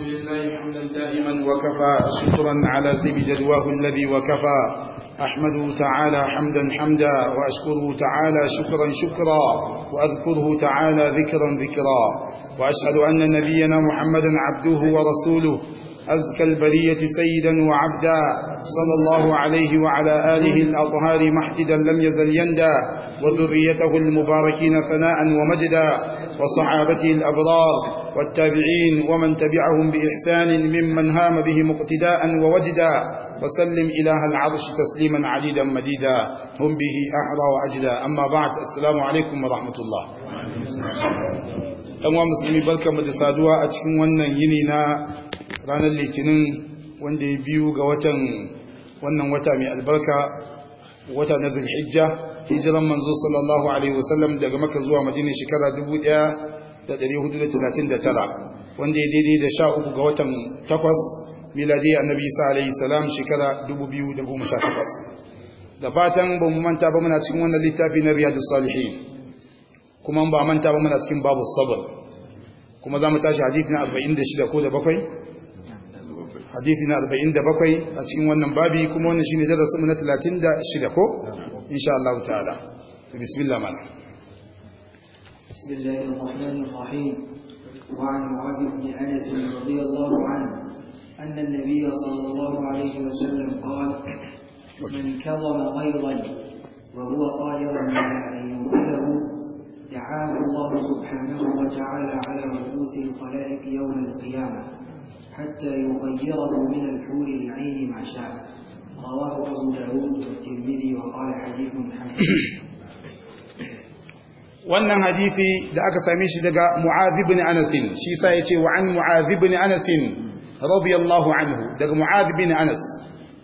الحمد لله حمدا دائما وكفى شكرا على ذي جدواه الذي وكفى أحمده تعالى حمدا حمدا وأشكره تعالى شكرا شكرا وأذكره تعالى ذكرا ذكرا وأشهد أن نبينا محمدا عبده ورسوله أزكى البرية سيدا وعبدا صلى الله عليه وعلى آله الأطهار محتدا لم يزل يندى وذريته المباركين ثناء ومجدا وصحابته الأبرار والتابعين ومن تبعهم بإحسان ممن هام به مقتداء ووجدا وسلم إله العرش تسليما عديدا مديدا هم به أحرى وأجدا أما بعد السلام عليكم ورحمة الله ɗan wa musulmi barkanmu da saduwa a cikin wannan yini na ranar litinin wanda ya biyu ga watan wata mai albarka wata na zulhijja manzo sallallahu alaihi wasallam daga maka zuwa madina shekara da 439 wanda ya daidai da sha uku ga watan takwas miladi annabi isa alaihi salam shekara 2018 da fatan ba mu manta ba muna cikin wannan littafi na riyadus salihin kuma ba manta ba muna cikin babu sabr kuma za mu tashi hadithi na 46 ko da bakwai hadithi na 47 a cikin wannan babi kuma wannan shine darasinmu na 36 ko insha Allah ta'ala bismillah mana بسم الله الرحمن الرحيم وعن معاذ بن انس رضي الله عنه ان النبي صلى الله عليه وسلم قال من كظم غيظا وهو قادر على ان ينقذه دعاه الله سبحانه وتعالى على رؤوس الخلائق يوم القيامه حتى يخيره من الحور العين ما شاء رواه ابو داود والترمذي وقال حديث حسن wannan hadisi da aka same shi daga mu'adh ibn anas shi sa yace wa an mu'adh ibn anas radiyallahu anhu daga mu'adh ibn anas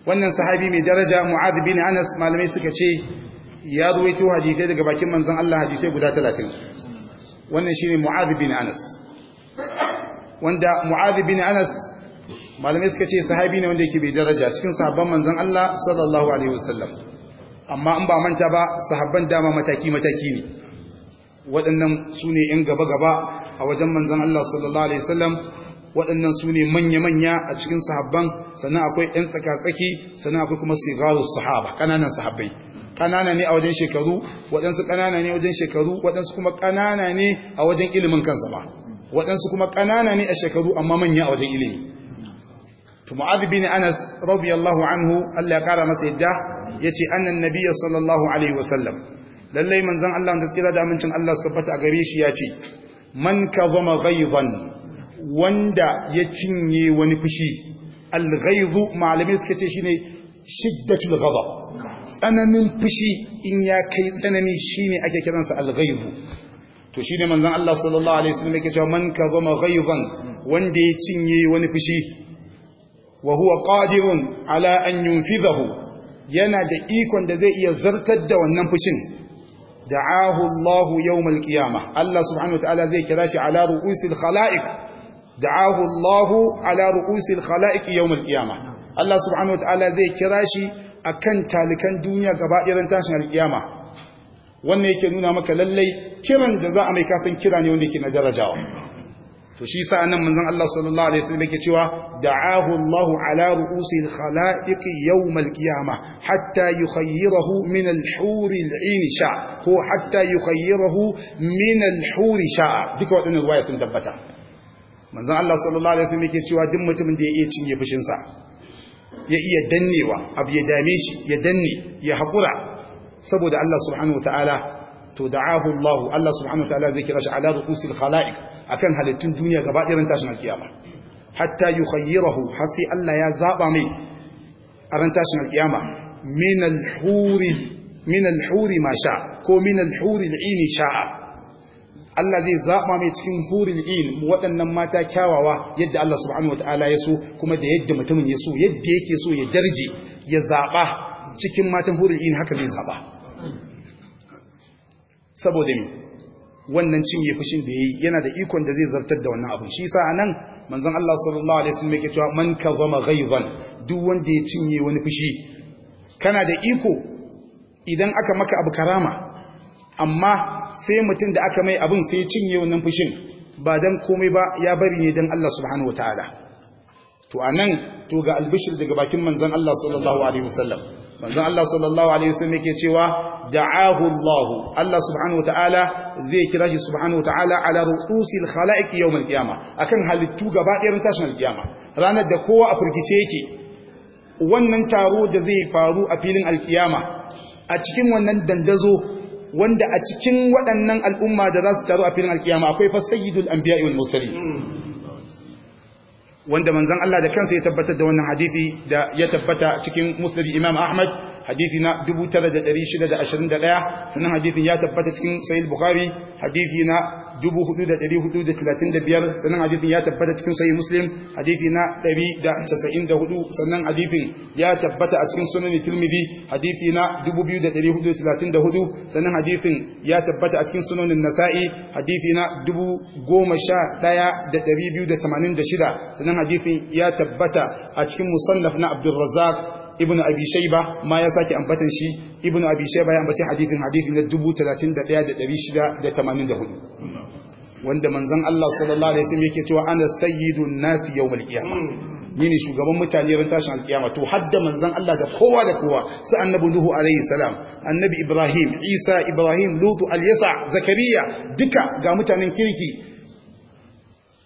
wannan sahabi mai daraja mu'adh ibn anas malamai suka ce ya ruwaito hadisai daga bakin manzon Allah hadisai guda 30 wannan shine mu'adh ibn anas wanda mu'adh ibn anas malamai suka ce sahabi ne wanda yake bai daraja cikin sahabban manzon Allah sallallahu alaihi wasallam amma in ba manta ba sahabban dama mataki mataki ne waɗannan su ne ‘yan gaba-gaba a wajen manzan Allah sallallahu Alaihi wasallam waɗannan su ne manya-manya a cikin sahabban sannan akwai ‘yan tsaka-tsaki sannan akwai kuma sigaru sahaba ƙananan sahabbai ƙanana ne a wajen shekaru waɗansu ƙanana ne a wajen shekaru waɗansu kuma ƙanana ne a wajen ilimin kansa ba waɗansu kuma ƙanana ne a shekaru amma manya a wajen ilimi to mu'adh bin anas radiyallahu anhu Allah ya kara masa yadda yace annan nabiyyu sallallahu alaihi wasallam lallai manzon Allah da tsira da amincin Allah su tabbata a gare shi ya ce man zama ghaizan wanda ya cinye wani fushi al-ghaizu malamai suka ce shine shiddatul ghadab tsananin fushi in ya kai tsanani shine ake kiransa al-ghaizu to shine manzon Allah sallallahu alaihi wasallam yake cewa man zama ghaizan wanda ya cinye wani fushi wa huwa qadirun ala an yunfidahu yana da ikon da zai iya zartar da wannan fushin da'ahu Allah yawmal qiyamah Allah subhanahu wataala zai kira shi ala ru'usil khalaiq da'ahu Allah ala ru'usil khalaiq yawmal qiyamah Allah subhanahu wataala zai kira shi a kan talikan duniya gaba irin tashin alkiyama wannan yake nuna maka lallai kiran da za a mai kasan kira ne wanda yake na darajawa to shi sa nan manzon Allah sallallahu alaihi wasallam yake cewa da'ahu Allahu ala ru'usil al-khalaiq yawm al-qiyamah hatta yukhayyirahu min al-hur al-ain sha ko hatta yukhayyirahu min al-hur sha duka wadannan ruwaya sun tabbata manzon Allah sallallahu alaihi wasallam yake cewa duk mutumin da ya iya cinye fushin sa ya iya dannewa abu ya dame shi ya danne ya hakura saboda Allah subhanahu wataala to da'ahu Allah Allah subhanahu wa ta'ala zai kira shi ala ru'usil khalaiq akan halittun duniya gaba ran tashin alkiyama hatta yukhayyirahu har sai Allah ya zaba mai a ran tashin alkiyama min al-huri min al-huri ma sha ko min al-huri al-ini sha'a Allah zai zaba mai cikin huril in waɗannan mata kyawawa yadda Allah subhanahu wa ta'ala ya so kuma da yadda mutumin ya so yadda yake so ya darje ya zaba cikin matan huril in haka zai zaba saboda wannan cinye fushin da yi, yana da ikon da zai zartar da wannan abin shi yasa anan manzon Allah sallallahu alaihi wasallam yake cewa man kazama ghaizan duk wanda ya cinye wani fushi kana da iko idan aka maka abu karama amma sai mutum da aka mai abin sai ya cinye wannan fushin ba dan komai ba ya bari ne dan Allah subhanahu wataala to anan to ga albishir daga bakin manzon Allah sallallahu alaihi wasallam manzon Allah sallallahu alaihi wasallam yake cewa da'ahu Allah Allah subhanahu wataala zai kira shi subhanahu wataala ala ru'usil khalaiq yawm qiyama akan halittu gaba ɗayan tashin qiyama ranar da kowa a furgice yake wannan taro da zai faru a filin alqiyama a cikin wannan dandazo wanda a cikin waɗannan al'umma da za su taru a filin alkiyama akwai fa sayyidul anbiya'i wal mursalin hmm. wanda manzan Allah da kansa ya tabbatar da wannan hadithi da ya tabbata cikin musnad Imam Ahmad hadisi na 9621 sannan hadisin ya tabbata cikin sahih bukhari hadisi na 4435 sannan hadisin ya tabbata cikin sahih muslim hadisi na 194 sannan hadisin ya tabbata a cikin sunan tirmidhi hadisi na 2434 sannan hadisin ya tabbata a cikin sunan nasa'i hadisi na 10286 sannan hadisin ya tabbata a cikin musannaf na abdurrazzaq ibn abi shayba ma ya sake ambatan shi ibn abi shayba ya ambaci hadithin hadithi na 31684 wanda manzon Allah sallallahu alaihi wasallam yake cewa ana sayyidun nasi yawmal qiyamah mm. ni ne shugaban mutane ran tashin alkiyama to hadda manzon Allah da kowa da kowa sai annabi nuhu alaihi salam annabi ibrahim isa ibrahim lutu alyasa zakariya duka ga mutanen kirki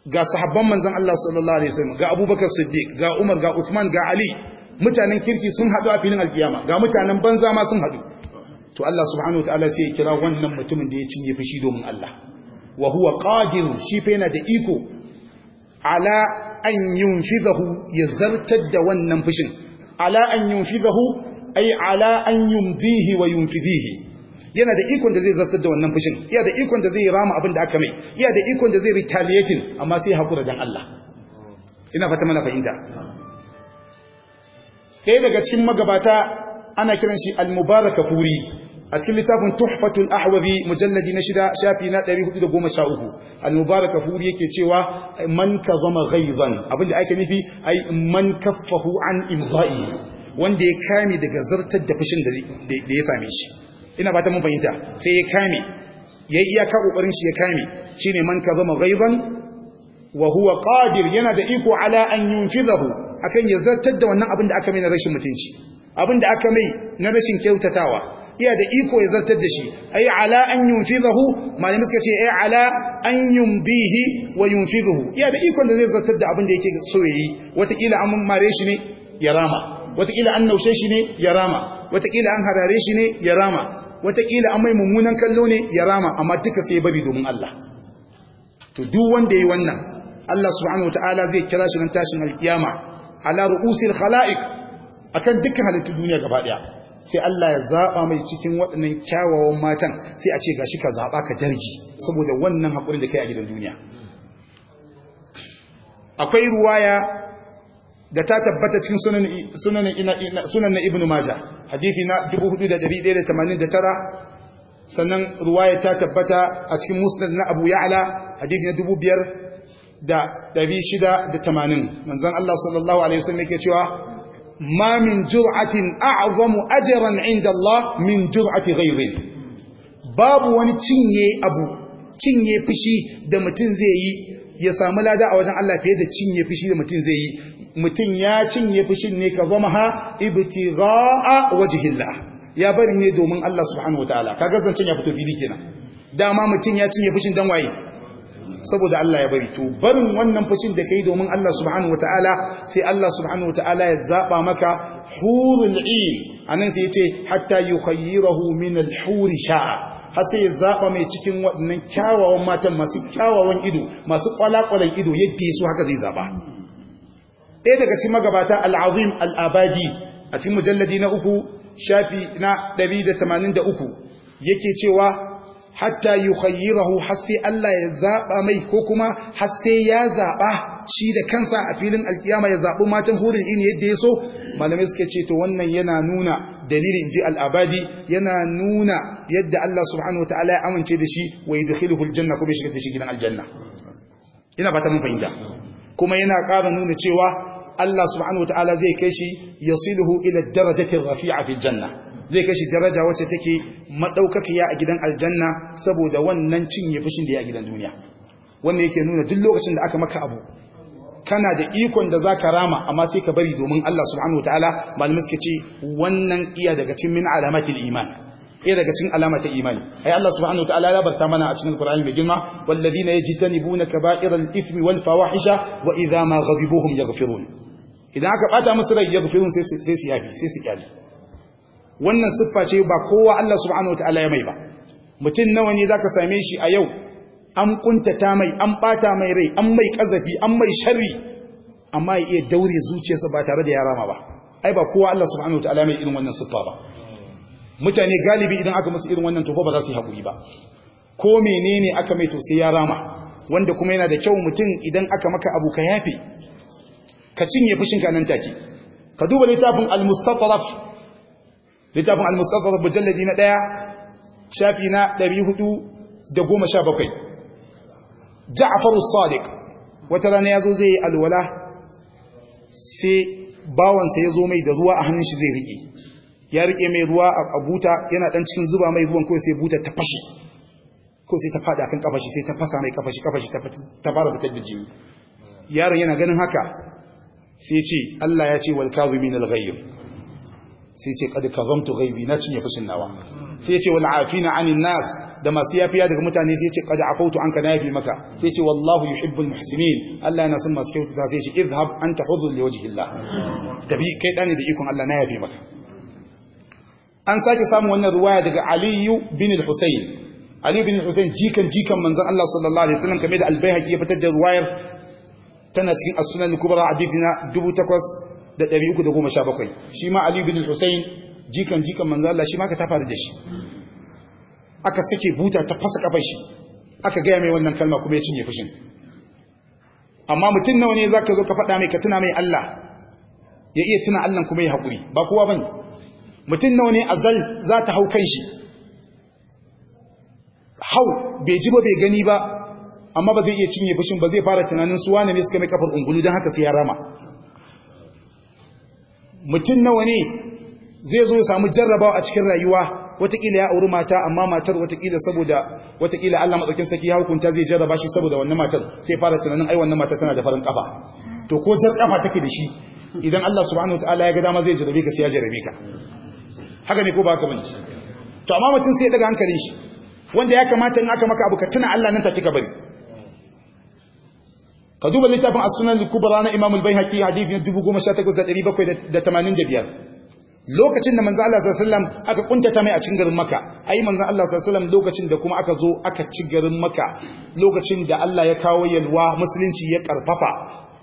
ga sahabban manzon Allah sallallahu alaihi wasallam ga abubakar siddiq ga umar ga usman ga ali mutanen kirki sun haɗu a filin alfiyama ga mutanen banza ma sun haɗu to Allah subhanahu ta'ala sai ya kira wannan mutumin da ya cinye fushi domin Allah wa huwa qadir shi fa yana da iko ala an yunfidahu ya zartar da wannan fushin ala an yunfidahu ay ala an yumdihi wa yunfidihi yana da ikon da zai zartar da wannan fushin yana da ikon da zai rama abin da aka mai yana da ikon da zai retaliating amma sai hakura dan Allah ina fata mana fahimta ɗaya daga cikin magabata ana kiran shi al-mubarak furi a cikin littafin tuhfatul ahwazi mujalladi na shida shafi na 413 al-mubarak furi yake cewa man kazama ghaizan abinda ake nufi ai man kaffahu an imza'i wanda ya kame daga zartar da fushin da ya same shi ina ba mun fahimta sai ya kame ya iya ka kokarin shi ya kame shine man kazama ghaizan wa huwa qadir yana da iko ala an yunfidahu akan ya zartar da wannan abin da aka mai na rashin mutunci abin da aka mai na rashin kyautatawa iya da iko ya zartar da shi ay ala an yunfidahu malamin suka ce ay eh, ala an yumdihi wa yunfidahu iya da iko da zai zartar da abin da yake so yayi wataƙila an mare shi ne ya rama wataƙila an naushe shi ne ya rama wataƙila an harare shi ne ya rama wataƙila an mai mummunan kallo ne ya rama amma duka sai bari domin Allah to duk wanda yi wannan Allah subhanahu ta'ala zai kira shi nan tashin alkiyama ala ru'usil a kan dukkan halittun duniya gaba daya sai Allah ya zaba mai cikin waɗannan kyawawan matan sai a ce gashi ka zaɓa ka darji saboda wannan haƙurin da ka yi a gidan duniya akwai ruwaya da ta tabbata cikin sunan sunan na ibnu majah hadisi na 4189 sannan ruwaya ta tabbata a cikin musnad na abu ya'la hadisi na da ɗari shida da tamanin manzan Allah sallallahu Alaihi wasallam yake cewa ma min jur'atin a'azamu ajran inda Allah min jur'ati ghairin babu wani cinye abu cinye fushi da mutum zai yi ya samu lada a wajen Allah fiye da cinye fushi da mutum zai yi mutum ya cinye fushin ne ka zama ha ibtira'a wajhillah ya bari ne domin Allah subhanahu wataala kaga zancen ya fito fili kenan dama mutum ya cinye fushin dan waye saboda Allah ya bari to barin wannan fashin da kai domin Allah subhanahu wataala sai Allah subhanahu wataala ya zaba maka hurul ayn anan sai yace hatta yukhayyirahu min al-huri sha'a har sai ya zaba mai cikin waɗannan kyawawan matan masu kyawawan ido masu kwalakwalan ido yadda yaso haka zai zaba ɗaya daga cikin magabata al-azim al-abadi a cikin mujalladi na uku shafi na 183 yake cewa hatta yukhayyirahu har sai Allah ya zaɓa mai ko kuma har sai ya zaɓa shi da kansa a filin alkiyama ya zabi matan hurin in yadda ya so malamai suka ce to wannan yana nuna dalilin ji al-abadi yana nuna yadda Allah subhanahu wataala ya amince da shi wa yadkhiluhu aljanna kuma shiga da shi gidan aljanna ina fata mun fahimta kuma yana ƙara nuna cewa Allah subhanahu wataala zai kai shi yasiluhu ila darajatin rafi'a fil janna zai kai shi daraja wacce take madaukakiya a gidan aljanna saboda wannan cinye fushin da ya gidan duniya wannan yake nuna duk lokacin da aka maka abu kana da ikon da za ka rama amma sai ka bari domin Allah subhanahu wa ta'ala malamai suka ce wannan iya daga cikin min iman iya daga cikin alamata imani ai Allah subhanahu wa ta'ala ya barta mana a cikin Qur'ani mai girma walladina yajtanibuna kaba'iral ithmi wal fawahisha wa idha ma ghadibuhum yaghfirun idan aka bata musu rai yaghfirun sai sai su yafi sai su kyale wannan siffa ce ba kowa Allah subhanahu wataala ya mai ba mutum nawa ne zaka same shi a yau an kuntata mai an bata mai rai an mai kazafi an mai sharri amma ya iya daure zuciyarsa ba tare da yarama ba ai ba kowa Allah subhanahu wataala mai irin wannan siffa ba mutane galibi idan aka musu irin wannan tofa ba za su yi hakuri ba ko menene aka mai to sai ya rama wanda kuma yana da kyau mutum idan aka maka abu ka yafe ka cinye fushinka nan take ka duba littafin al-mustataraf littafin al-mustafa jalladi na daya shafi na 417 ja'far as-sadiq wata rana yazo zai alwala sai bawansa yazo mai da ruwa a hannun shi zai rike ya rike mai ruwa a buta yana dan cikin zuba mai ruwan ko sai buta ta fashe ko sai ta fada kan kafashi sai ta fasa mai kafashi kafashi ta fara fitar da jini yaron yana ganin haka sai ce Allah ya ce wal kazimin al-ghayr sai ce kad kazamtu ghaibi na cinye fushin nawa sai ce wal afina anin nas da masu yafiya daga mutane sai ce kad afautu anka na yafi maka sai ce wallahu yuhibbul muhsinin Allah yana son masu kyautata sai ce idhhab anta hudhul liwajhillah tabi kai dane da ikon Allah na yafi maka an sake samun wannan ruwaya daga Aliyu bin al-Husayn Ali bin al-Husayn jikan jikan manzon Allah sallallahu alaihi wasallam kamar da al-Baihaqi ya fitar da ruwayar tana cikin as-Sunan al-Kubra hadithina 8000 da 317 shi ma Ali bin Hussein jikan jikan manzo Allah shi ma ka tafaru da shi aka sake buta ta fasa kafar shi aka gaya mai wannan kalma kuma ya cinye fushin amma mutum nawa ne zaka zo ka faɗa mai ka tuna mai Allah ya iya tuna Allah kuma ya haƙuri ba kowa bane mutum nawa ne azal za ta hau kan shi hau bai ji ba bai gani ba amma ba zai iya cinye fushin ba zai fara tunanin su wane ne suka mai kafar ungulu don haka sai ya rama mutum nawa ne zai zo samu jarrabawa a cikin rayuwa watakila ya auri mata amma matar watakila saboda watakila Allah madaukin saki ya hukunta zai jarraba shi saboda wannan matar sai fara tunanin ai wannan matar tana da farin kafa to ko jar kafa take da shi idan Allah subhanahu wataala ya ga dama zai jarrabe ka sai ya jarrabe ka haka ne ko ba ka bane to amma mutum sai ya daga hankalin shi wanda ya kamata in aka maka abu ka tuna Allah nan tafi ka bari ka duba littafin as-sunan al-kubra na imam al-baihaqi hadisi 18785 lokacin da manzo Allah sallallahu alaihi wasallam aka kuntata mai a cikin garin maka. ai manzan Allah sallallahu alaihi wasallam lokacin da kuma aka zo aka ci garin maka. lokacin da Allah ya kawo yalwa musulunci ya karfafa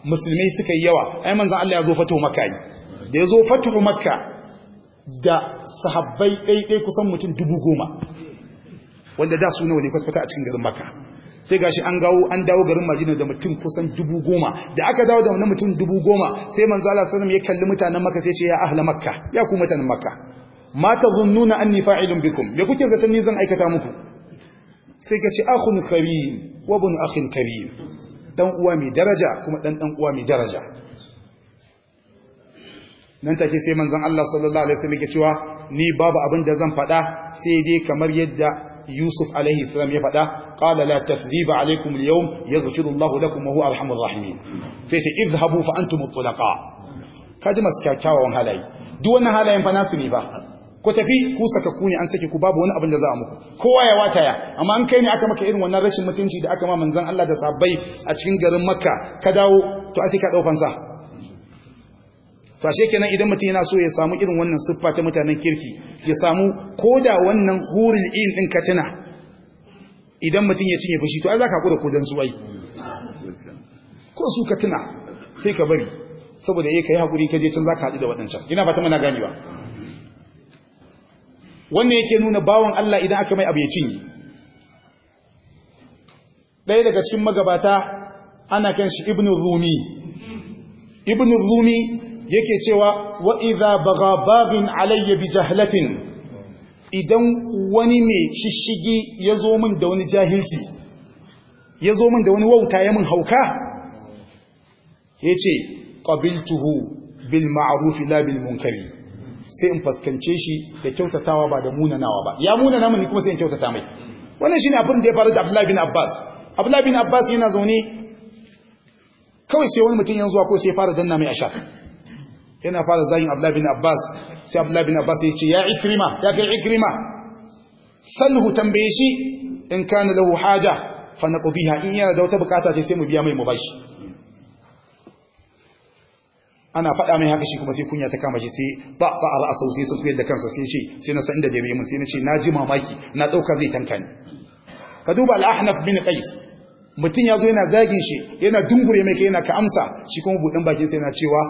musulmai suka yi yawa ai manzan Allah ya zo maka yi. da ya zo fatu maka da sahabbai ɗaiɗai kusan mutum dubu goma wanda da su nawa ne kwata a cikin garin maka. sai gashi an gawo an dawo garin Madina da mutum kusan dubu goma da aka dawo da na mutum dubu goma sai manzo Allah sallallahu ya kalli mutanen Makka sai ce ya ahli Makka ya ku mutanen Makka ma tazunnuna anni fa'ilun bikum me kuke zaton ni zan aikata muku sai ka ce akhun karim wa bun akhin karim dan uwa mai daraja kuma dan dan uwa mai daraja nan take sai manzon Allah sallallahu alaihi wasallam yake cewa ni babu abin da zan faɗa sai dai kamar yadda yusuf alaihi salam ya faɗa qala la tathriba alaikum al-yawm yaghfiru Allah lakum wa huwa arhamur rahimin sai ce izhabu fa antum mutlaqa kaji masu kyakkyawan halaye duk wannan halayen fa nasu ne ba ku tafi ku saka ku ne an saki ku babu wani abin da za a muku kowa ya wataya amma an kai ne aka maka irin wannan rashin mutunci da aka ma manzon Allah da sabbai a cikin garin Makka ka dawo to a sai ka daukan sa to ashe kenan idan mutum yana so ya samu irin wannan siffa ta mutanen kirki ya samu koda wannan hurul in din katina idan mutum ya cinye fushi to ai zaka hakura kodan su ai ko su katina sai ka bari saboda eh kai hakuri ka je can zaka haɗu da wadancan ina fata muna ganewa wannan yake nuna bawon Allah idan aka mai abu ya cinye ɗaya daga cikin magabata ana kan shi ibn rumi ibnu rumi yake cewa wa idza baga bagin alayya bi jahlatin idan wani mai shishigi ya zo min da wani jahilci ya zo min da wani wauta ya min hauka ya ce ƙabiltuhu bil ma'arufi la bil munkari sai in faskance shi da kyautatawa ba da munanawa ba ya munana mini kuma sai in kyautata mai wannan shine abin da ya faru da Abdullahi bin Abbas Abdullahi bin Abbas yana zaune kawai sai wani mutum yanzu ko sai fara danna mai ashar yana fara zagin abdullahi bin abbas sai abdullahi bin abbas ya ce ya ikrima ya kai ikrima salhu tambaye shi in kana lahu haja fa naqbiha in yana da wata bukata ce sai mu biya mai mu bashi ana faɗa mai haka shi kuma sai kunya ta kama shi sai ba ba a ra'asau sai sun da kansa sai ce sai na san inda da mun sai na ce na ji mamaki na dauka zai tanka ni ka duba alahnaf ahnaf bin qais mutum ya zo yana zagin shi yana dungure mai kai yana ka amsa shi kuma buɗin bakin sai yana cewa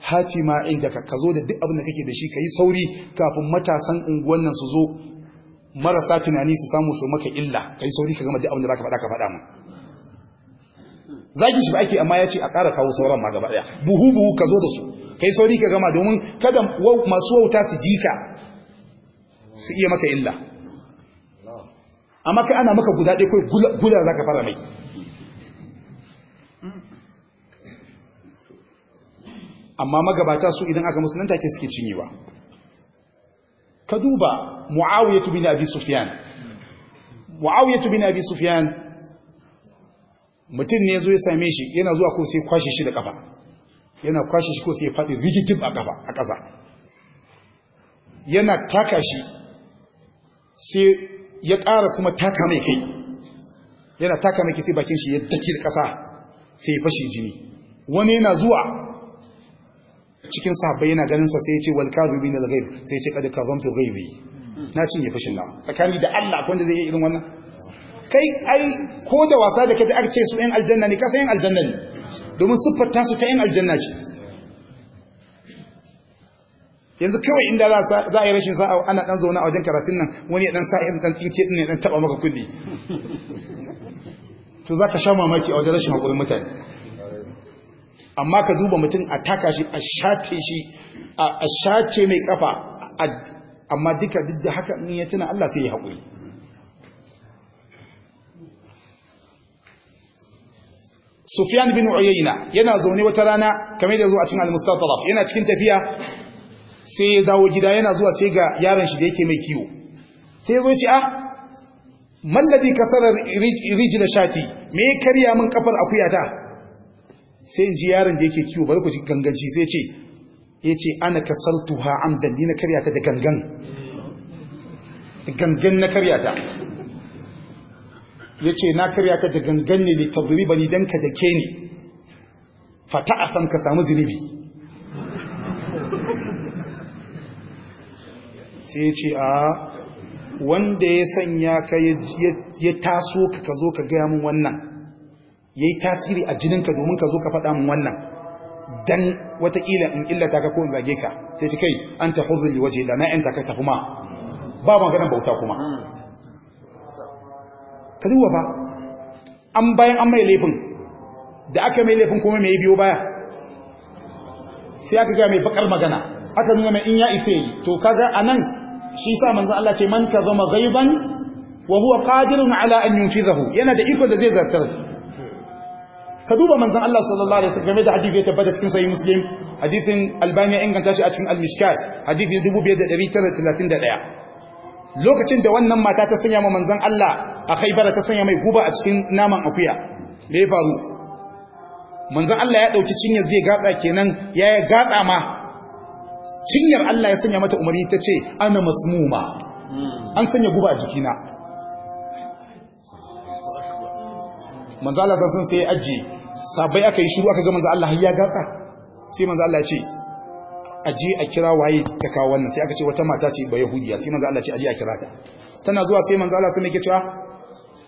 hati ma inda ka zo da duk abin da kake da shi ka yi sauri kafin matasan unguwan nan su zo marasa tunani su samu su maka illa ka yi sauri ka gama duk abin da za ka faɗa ka faɗa mu zaki shi ba ake amma ya ce a ƙara kawo sauran ma gaba ɗaya buhu buhu ka zo da su ka yi sauri ka gama domin kada masu wauta su ji ka su iya maka illa amma kai ana maka guda ɗaya kawai gula za ka fara mai amma magabata su idan aka musulunta ke suke cinyewa ka duba muawiyatu bin abi sufyan muawiyatu bin abi sufyan mutum ne zo ya same shi yana zuwa ko sai kwashe shi da kafa yana kwashe shi ko sai ya faɗi rigidib a kafa a ƙasa yana taka shi sai ya ƙara kuma taka mai kai yana taka mai kai sai bakin shi ya daki da ƙasa sai ya fashe jini wani yana zuwa cikin sahabbai yana ganin sa sai ya ce wal kadhibin al ghaib sai ya ce kad kadhamtu ghaibi na cinye fushin nan. tsakani da Allah akwai wanda zai yi irin wannan kai ai ko da wasa da kaji arce su yan aljanna ne kasan yan aljanna ne domin siffar tasu ta yan aljanna ce yanzu kawai inda za a yi rashin sa'a ana dan zauna a wajen karatun nan wani ya dan sa ya dan tsinke din ya dan taba maka kulli to za ka sha mamaki a wajen rashin hakurin mutane amma ka duba mutum a taka shi a shate shi a shace mai kafa amma duka duk da haka in ya tuna Allah sai ya haƙuri Sufyan bin Uyayna yana zaune wata rana kamar da zo a cikin al mustatharaf yana cikin tafiya sai ya dawo gida yana zuwa sai ga yaron shi da yake mai kiwo sai ya zo ya ce ah mallabi kasarar rijil shati me karya min kafar akuyata sai in ji yaron da yake kiwo bari ku ji ganganci sai ce ya ce ana ha amdan ni na karya ta da gangan gangan na karya ta ya ce na karya ta da gangan ne litadriba ni dan ka da ke ne, fata a san ka samu zunubi sai ya ce a wanda ya sanya ka ya taso ka ka zo ka gaya min wannan yayi tasiri a jininka domin ka zo ka faɗa min wannan dan wataƙila in illata ka ko in zage ka sai ci kai an ta hubbin li waje na yan takarta kuma ba maganar bauta kuma ka duba ba an bayan an mai laifin da aka mai laifin kuma mai biyo baya sai aka gaya mai bakar magana aka nuna mai in ya isa yi to kaga anan shi sa manzan Allah ce man ka zama ghaiban wa huwa qadirun ala an yunfizahu yana da iko da zai zartar ka duba manzan Allah sallallahu alaihi wasallam game da hadisi ya tabbata cikin sayi muslim hadisin albaniya inganta shi a cikin al-mishkat da 2931 lokacin da wannan mata ta sanya ma manzan Allah a Khaibar ta sanya mai guba a cikin naman akuya me ya faru manzan Allah ya dauki cinyar zai gatsa kenan ya gatsa ma cinyar Allah ya sanya mata umarni ta ce ana masmuma an sanya guba a jikina manzala sun sai ajiye sabai aka yi shiru aka ga manzo Allah ya gatsa sai manzo Allah ya ce aje a kira waye ta kawo wannan sai aka ce wata mata ce ba yahudiya sai manzo Allah ya ce aje a kira ta tana zuwa sai manzo Allah sai yake cewa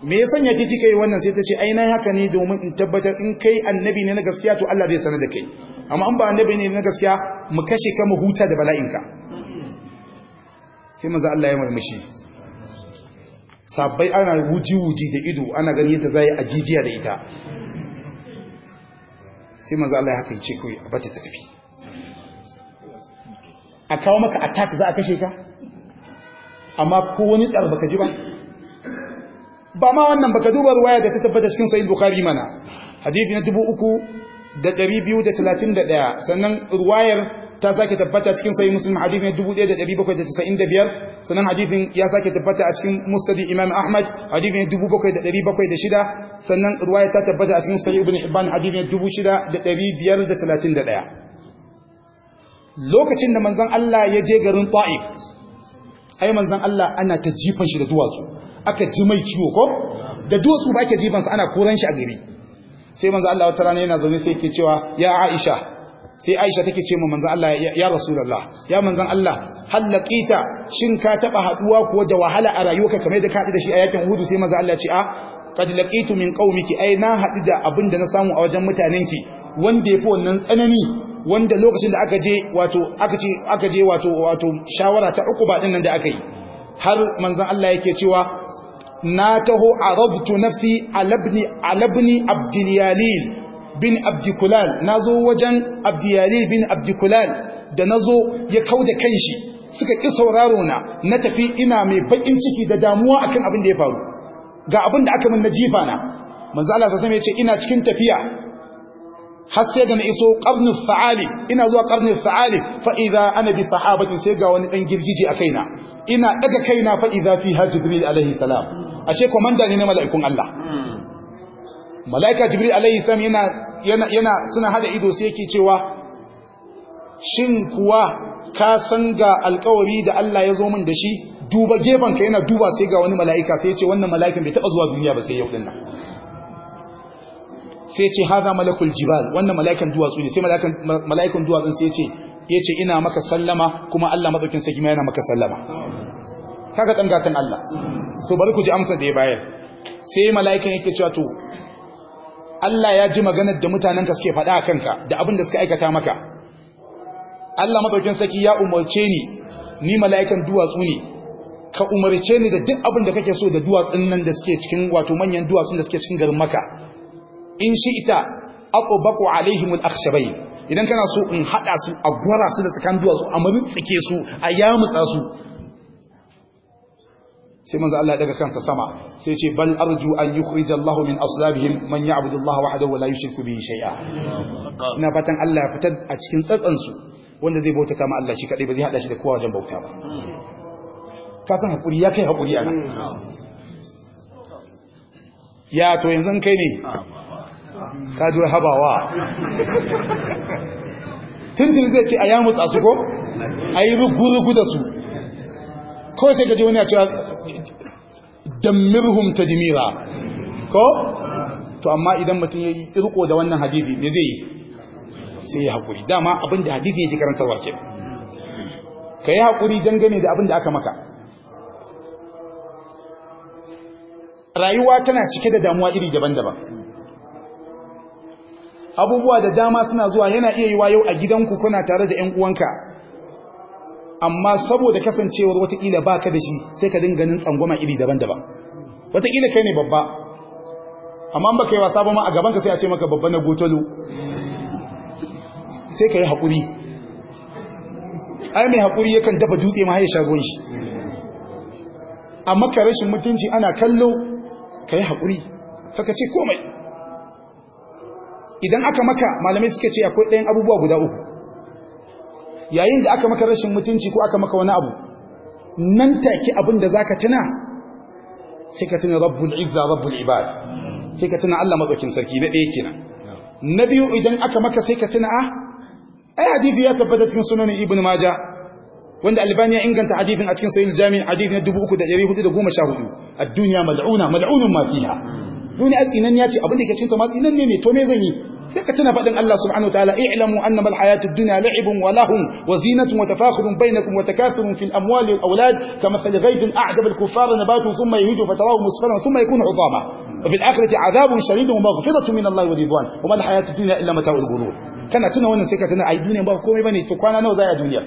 me ya sanya kiki kai wannan sai ta ce ai haka ne domin in tabbatar in kai annabi ne na gaskiya to Allah zai sanar da kai amma an ba annabi ne na gaskiya mu kashe ka mu huta da bala'inka sai manzo Allah ya murmushi Sabai ana wuji-wuji da ido ana gani yadda za a da ita sai manzo Allah haka yace kai a bata ta tafi a kawo maka attack za a kashe ka amma ko wani dar baka ji ba ba ma wannan baka duba ruwaya da ta tabbata cikin sahih bukhari mana hadisi na 3231 sannan ruwayar ta sake tabbata cikin sahih muslim ne 1795 sanan hadithin ya sake tabbata a cikin musnad imam ahmad ne 7706 sannan ruwaya ta tabbata a cikin sahih ibn hibban ne 6531 lokacin da manzon Allah ya je garin ta'if ai manzon Allah ana ta jifan shi da duwatsu aka ji mai ciwo ko da duwatsu ba ake jifansa ana koran shi a gari sai manzon Allah wata rana yana zaune sai yake cewa ya Aisha sai aisha take ce ma manzan Allah ya rasulallah ya manzan Allah hallakita shin ka taba haduwa kuwa da wahala a rayuwarka kamar yadda ka da shi a yakin hudu sai manzan Allah ce a ah, qad laqitu min qaumiki ai na haɗu da abin da na samu a wajen mutanenki wanda yafi wannan tsanani wanda lokacin da aka je wato aka ce aka je wato wato shawara ta uku ba din nan da aka yi har manzan Allah yake cewa na taho arabtu nafsi alabni alabni abdul yalil bin abdikulal na zo wajen abdiyali bin abdikulal da na zo ya kau da shi suka ƙi sauraro na na tafi ina mai baƙin ciki da damuwa akan abin da ya faru ga abin da aka min na jifa na Manzala ta same ya ce ina cikin tafiya har sai da na iso ƙarnin fa'ali ina zuwa ƙarnin fa'ali fa ana bi sahabatin sai ga wani ɗan girgije a kaina ina ɗaga kaina fa fi fiha jibril alaihi salam ashe komanda ne na mala'ikun Allah malaika jibril alaihi salam yana yana suna hada ido sai yake cewa shin kuwa ka san ga alkawari da Allah ya zo min da shi duba gefen ka yana duba sai ga wani malaika sai ya ce wannan malaikan bai taba zuwa duniya ba sai yau dinnan sai ya ce hada malakul jibal wannan malaikan duwatsu ne sai malaikan malaikan duwatsun sai ya ce ya ce ina maka sallama kuma Allah madaukin sa yana maka sallama kaga dan Allah to bari ku ji amsa da ya bayar sai mala'ikan yake cewa to Allah ya ji maganar da mutanenka suke faɗa a kanka da abin da suka aikata maka Allah madaukin saki ya umarce ni ni mala'ikan duwatsu ne ka umarce ni da duk abin da kake so da duwatsun nan da suke cikin wato manyan duwatsun da suke cikin garin maka in shi ita aqbaqu alaihim alaihimul akhshabay idan kana so in haɗa su a gwara su da tsakan duwatsu a marin su a yamutsa su sai manzo Allah daga kansa sama sai ce bal arju an yukhrij Allah min aslabihim man ya'budu Allah wahdahu wa la yushriku bihi shay'a ina fatan Allah ya fitar a cikin tsatsan su wanda zai bauta ma Allah shi kadai ba zai hada shi da kowa wajen bauta ba ka san hakuri ya kai hakuri ana ya to yanzu kai ne ka dura habawa tuntun zai ce a yamutsa su ko Ayi rugu-rugu da su ko sai gaje wani a cewa dammirhum tadmira ko to amma idan mutum yayi irko da wannan hadisi me zai yi sai ya hakuri dama abin da hadisi yake karantarwa ke kai hakuri dangane da abin da aka maka rayuwa tana cike da damuwa iri daban-daban abubuwa da dama suna zuwa yana iya yiwa yau a gidanku kuna tare da 'yan uwanka amma saboda kasancewar wataƙila ba ka da shi sai ka dinga ganin tsangwama iri daban-daban wataƙila kai ne babba amma ba ka yi wasa ba ma a gabanka sai a ce maka babba na gotolo sai ka yi haƙuri ai mai haƙuri yakan dafa dutse ma ya sha ruwan shi amma ka rashin mutunci ana kallo ka yi haƙuri ka ce komai idan aka maka malamai suka ce akwai ɗayan abubuwa guda uku yayin da aka maka rashin mutunci ko aka maka wani abu nan take abin da ka tuna sai ka tuna rabbul izza rabbul ibad sai ka tuna Allah madaukin sarki na ɗaya kenan na biyu idan aka maka sai ka tuna a ah, ai hadisi ya tabbata cikin sunan ibn majah wanda albani ya inganta hadisin a cikin sahih jami hadisi na 3414 ad-dunya mal'una mal'unun ma fiha duniya tsinan ya ce abin da ke cinta ma tsinan ne me to me zan yi sai ka tana faɗin Allah subhanahu wa ta'ala i'lamu annama alhayatud dunya la'ibun wa lahun wa zinatun wa tafakhurun bainakum wa takathurun fil amwali wal awlad kama thal ghaythin a'jaba al kuffara nabatu thumma yahidu fatarahu musfaran thumma yakunu 'idama wa fil akhirati 'adhabun shadidun wa maghfiratun min Allah wa ridwan wa ma alhayatud dunya illa mata'ul ghurur kana tuna wannan sai ka tuna ai duniya ba komai bane to kwana nawa za a duniya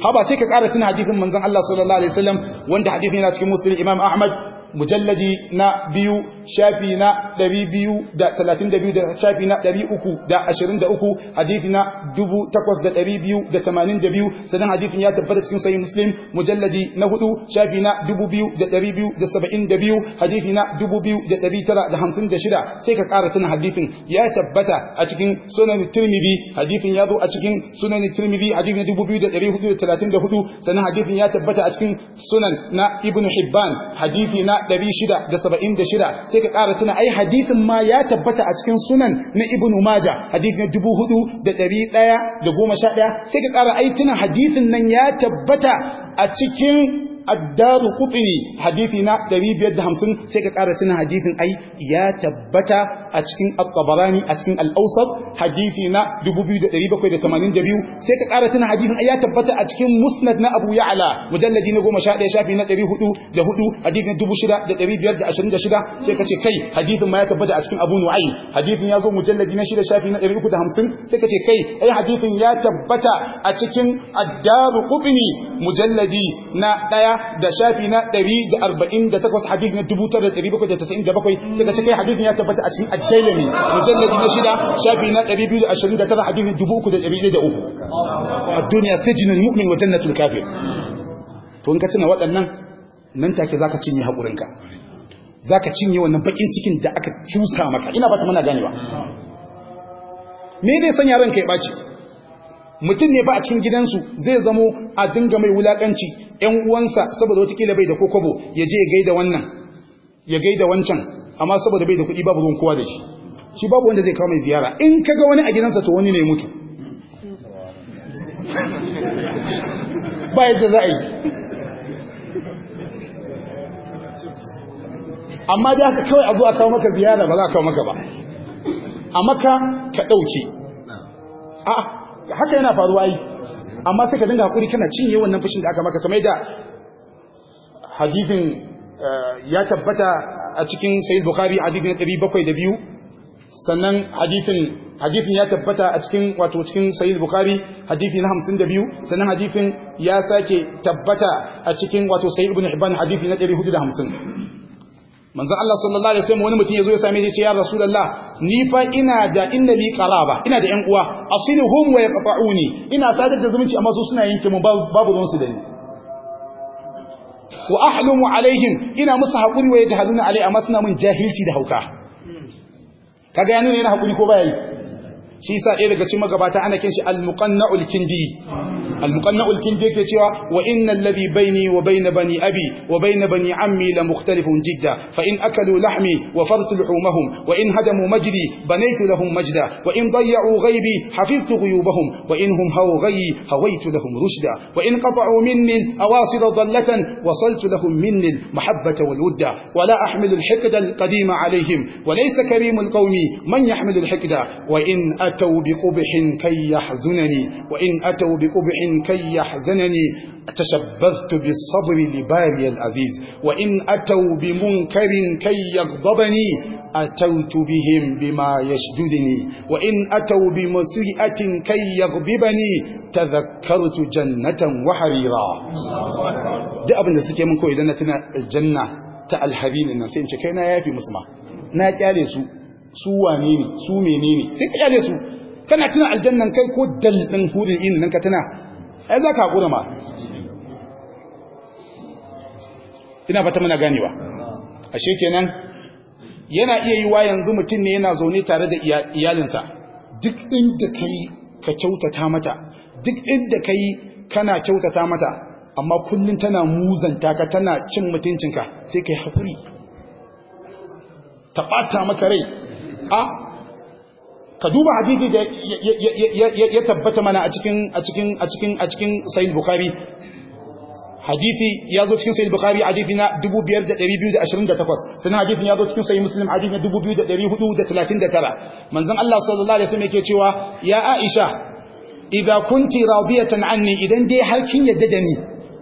haba sai ka ƙara tuna hadisin manzon Allah sallallahu alaihi wasallam wanda hadisin yana cikin muslim imam ahmad mujalladi na biyu shafi na 232 da shafi na 323 hadithi na 8282 sannan hadithin ya tabbata cikin sahih muslim mujalladi na 4 shafi na 2272 hadithi na 2956 sai ka ƙara tuna hadisin ya tabbata a cikin sunan tirmidhi Hadithin ya zo a cikin sunan tirmidhi hadithi na 2434 sannan hadithin ya tabbata a cikin sunan na Ibn hibban hadithi na 676 sai ka ƙara tuna ai hadisin ma ya tabbata a cikin sunan na ibn maja hadisi na dubu hudu da ɗari ɗaya da goma sha ɗaya sai ka ƙara ai tuna hadisin nan ya tabbata a cikin addaru khutri hadisi na 550 sai ka ƙara tuna hadisin ai ya tabbata a cikin al tabarani a cikin al-awsat hadisi na 2782 sai ka ƙara tuna hadisin ai ya tabbata a cikin musnad na Abu Ya'la mujalladi na ɗaya shafi na 400 da 4 hadisin 6526 sai ka ce kai hadisin ma ya tabbata a cikin Abu Nu'aym hadisin ya zo mujalladi na shida shafi na 350 sai ka ce kai ai hadisin ya tabbata a cikin addaru qutni mujalladi na ɗaya. da shafi na 148 hadith na 1797 sai ka ce kai hadithin ya tabbata a cikin ad-dailami mujalladi na shida shafi na 229 hadithin 3103 ad-dunya sijnul mu'min wa jannatul kafir to in ka tuna waɗannan nan take zaka cinye hakurinka zaka cinye wannan bakin cikin da aka cusa maka ina ba ta muna ganewa me zai sanya ranka ya baci mutum ne ba a cikin gidansu zai zamo a dinga mai wulakanci ‘yan uwansa saboda watakila bai da kwabo ya je ya gaida wannan ya gaida wancan amma saboda bai da kuɗi babu ruwan kowa da shi shi babu wanda zai kawo mai ziyara in kaga wani a gidansa to wani ne mutu ba yadda za a yi amma da haka kawai a zuwa kawo maka ziyara ba za a kawo maka ba a maka ka ɗauke a haka yana faruwa yi amma sai ka dinga hakuri kana cinye wannan fushin da aka maka kamar da hadithin eh, ya tabbata a cikin sahih bukhari hadithin 702 sannan hadithin hadithin ya tabbata a cikin wato cikin sahih bukhari hadithin na 52 sannan hadithin ya sake tabbata a cikin wato sahih ibn hibban hadithin na 450 manzon Allah sallallahu alaihi wasallam wani mutum zo ya same shi ce ya rasulullah ni fa ina da inna li qaraba ina da yan uwa asiluhum wa yaqta'uni ina sadar da zumunci amma su suna yanke mun babu ruwan su da ni wa ahlumu alaihim ina musu hakuri wa yajhaduna alai amma suna mun jahilci da hauka kaga ya nuna yana hakuri ko baya yi shi yasa ɗaya daga cikin magabata ana kin shi al-muqanna'ul kindi المقنع الكندي كتوى وإن الذي بيني وبين بني أبي وبين بني عمي لمختلف جدا فإن أكلوا لحمي وفرت لحومهم وإن هدموا مجدي بنيت لهم مجدا وإن ضيعوا غيبي حفظت غيوبهم وإن هم هو غي هويت لهم رشدا وإن قطعوا مني أواصل ضلة وصلت لهم مني المحبة والودة ولا أحمل الحقد القديم عليهم وليس كريم القوم من يحمل الحقد وإن أتوا بقبح كي يحزنني وإن أتوا بقبح إن كي يحزنني تشبثت بالصبر لباري العزيز وإن أتوا بمنكر كي يغضبني أتوت بهم بما يشددني وإن أتوا بمسيئة كي يغضبني تذكرت جنة وحريرا دي أبن سكي من كو إذن تنا الجنة تا الحرير إن شكينا يا في مسمى نا كالي سو سو وانيني سو مينيني سين كالي سو kana تنا الجنة كي كود دل من هوري إن nan تنا ai za ka haƙura ma ina fata muna ganewa ashe kenan yana iya yi wa yanzu mutum ne yana zaune tare da iyalinsa duk inda ka yi ka kyautata mata duk inda ka yi kana kyautata mata amma kullum tana muzanta ka tana cin mutuncinka sai ka yi haƙuri ta ɓata maka rai a ka duba hadisi da ya tabbata mana a cikin a cikin a cikin a cikin sahih bukhari hadisi ya zo cikin sahih bukhari hadisi na 2228 sanan hadisi ya zo cikin sahih muslim hadisi na 2439 manzon Allah sallallahu alaihi wasallam yake cewa ya aisha idza kunti radiyatan anni idan dai har kin yadda da ni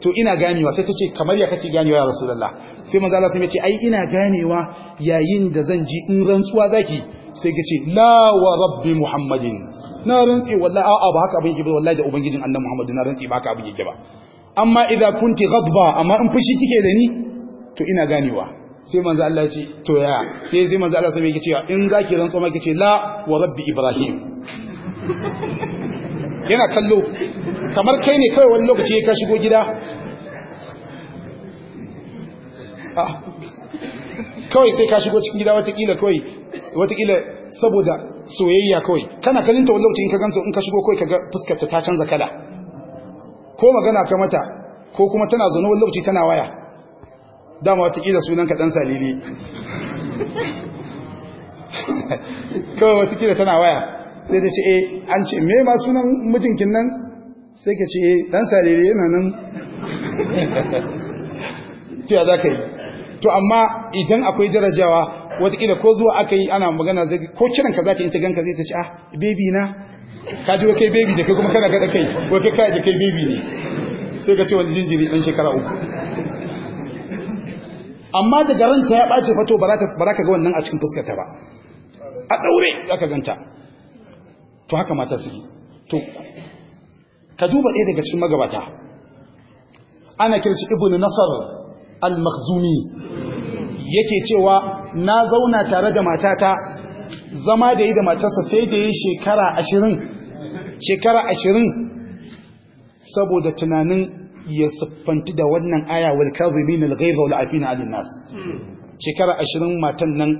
to ina ganewa sai tace kamar ya kake ganewa ya rasulullah sai manzon Allah sai ya ce ai ina ganewa yayin da zan ji in rantsuwa zaki sai ka ce la wa rabbi muhammadin na rantsi wallahi a'a ba haka abin yake ba wallahi da ubangijin annabi muhammad na rantsi ba haka abin yake ba amma idza kunti ghadba amma in fushi kike da ni to ina ganewa sai manzo Allah ya ce to ya sai sai manzo Allah sai yake cewa in zaki rantso ma kace la wa rabbi ibrahim yana kallo kamar kai ne kai wani lokaci ka shigo gida ah. kawai sai ka shigo cikin gida kila kawai watakila saboda soyayya kawai kana kalinta wani lokaci in ka gansu in ka shigo kawai ka ga fuskarta ta canza kala ko magana ka mata ko kuma tana zaune wani lokaci tana waya dama watakila sunan ka dan salili kawai watakila tana waya sai ta ce eh an ce me ma sunan mijinkin nan sai ka ce eh dan salili yana nan to ya za ka yi to amma idan akwai darajawa wataƙila ko zuwa aka yi ana magana zai ko kiran ka za ta yi ta ganka zai ta ce ah baby na ka ji kai baby da kai kuma kana gada kai wai kai kai da kai baby ne sai ka ce wani jinjiri ɗan shekara uku amma daga ranta ya ɓace fato ba za ka ga wannan a cikin fuskata ba a ɗaure za ka ganta to haka mata suke to ka duba ɗaya daga cikin magabata ana kirci ibn nasar al-makhzumi yake cewa na zauna tare da matata zama da yi da matarsa sai da yi shekara ashirin shekara ashirin saboda tunanin ya siffanti da wannan aya wal kazimin al ghaiz wal afina alin nas shekara ashirin matan nan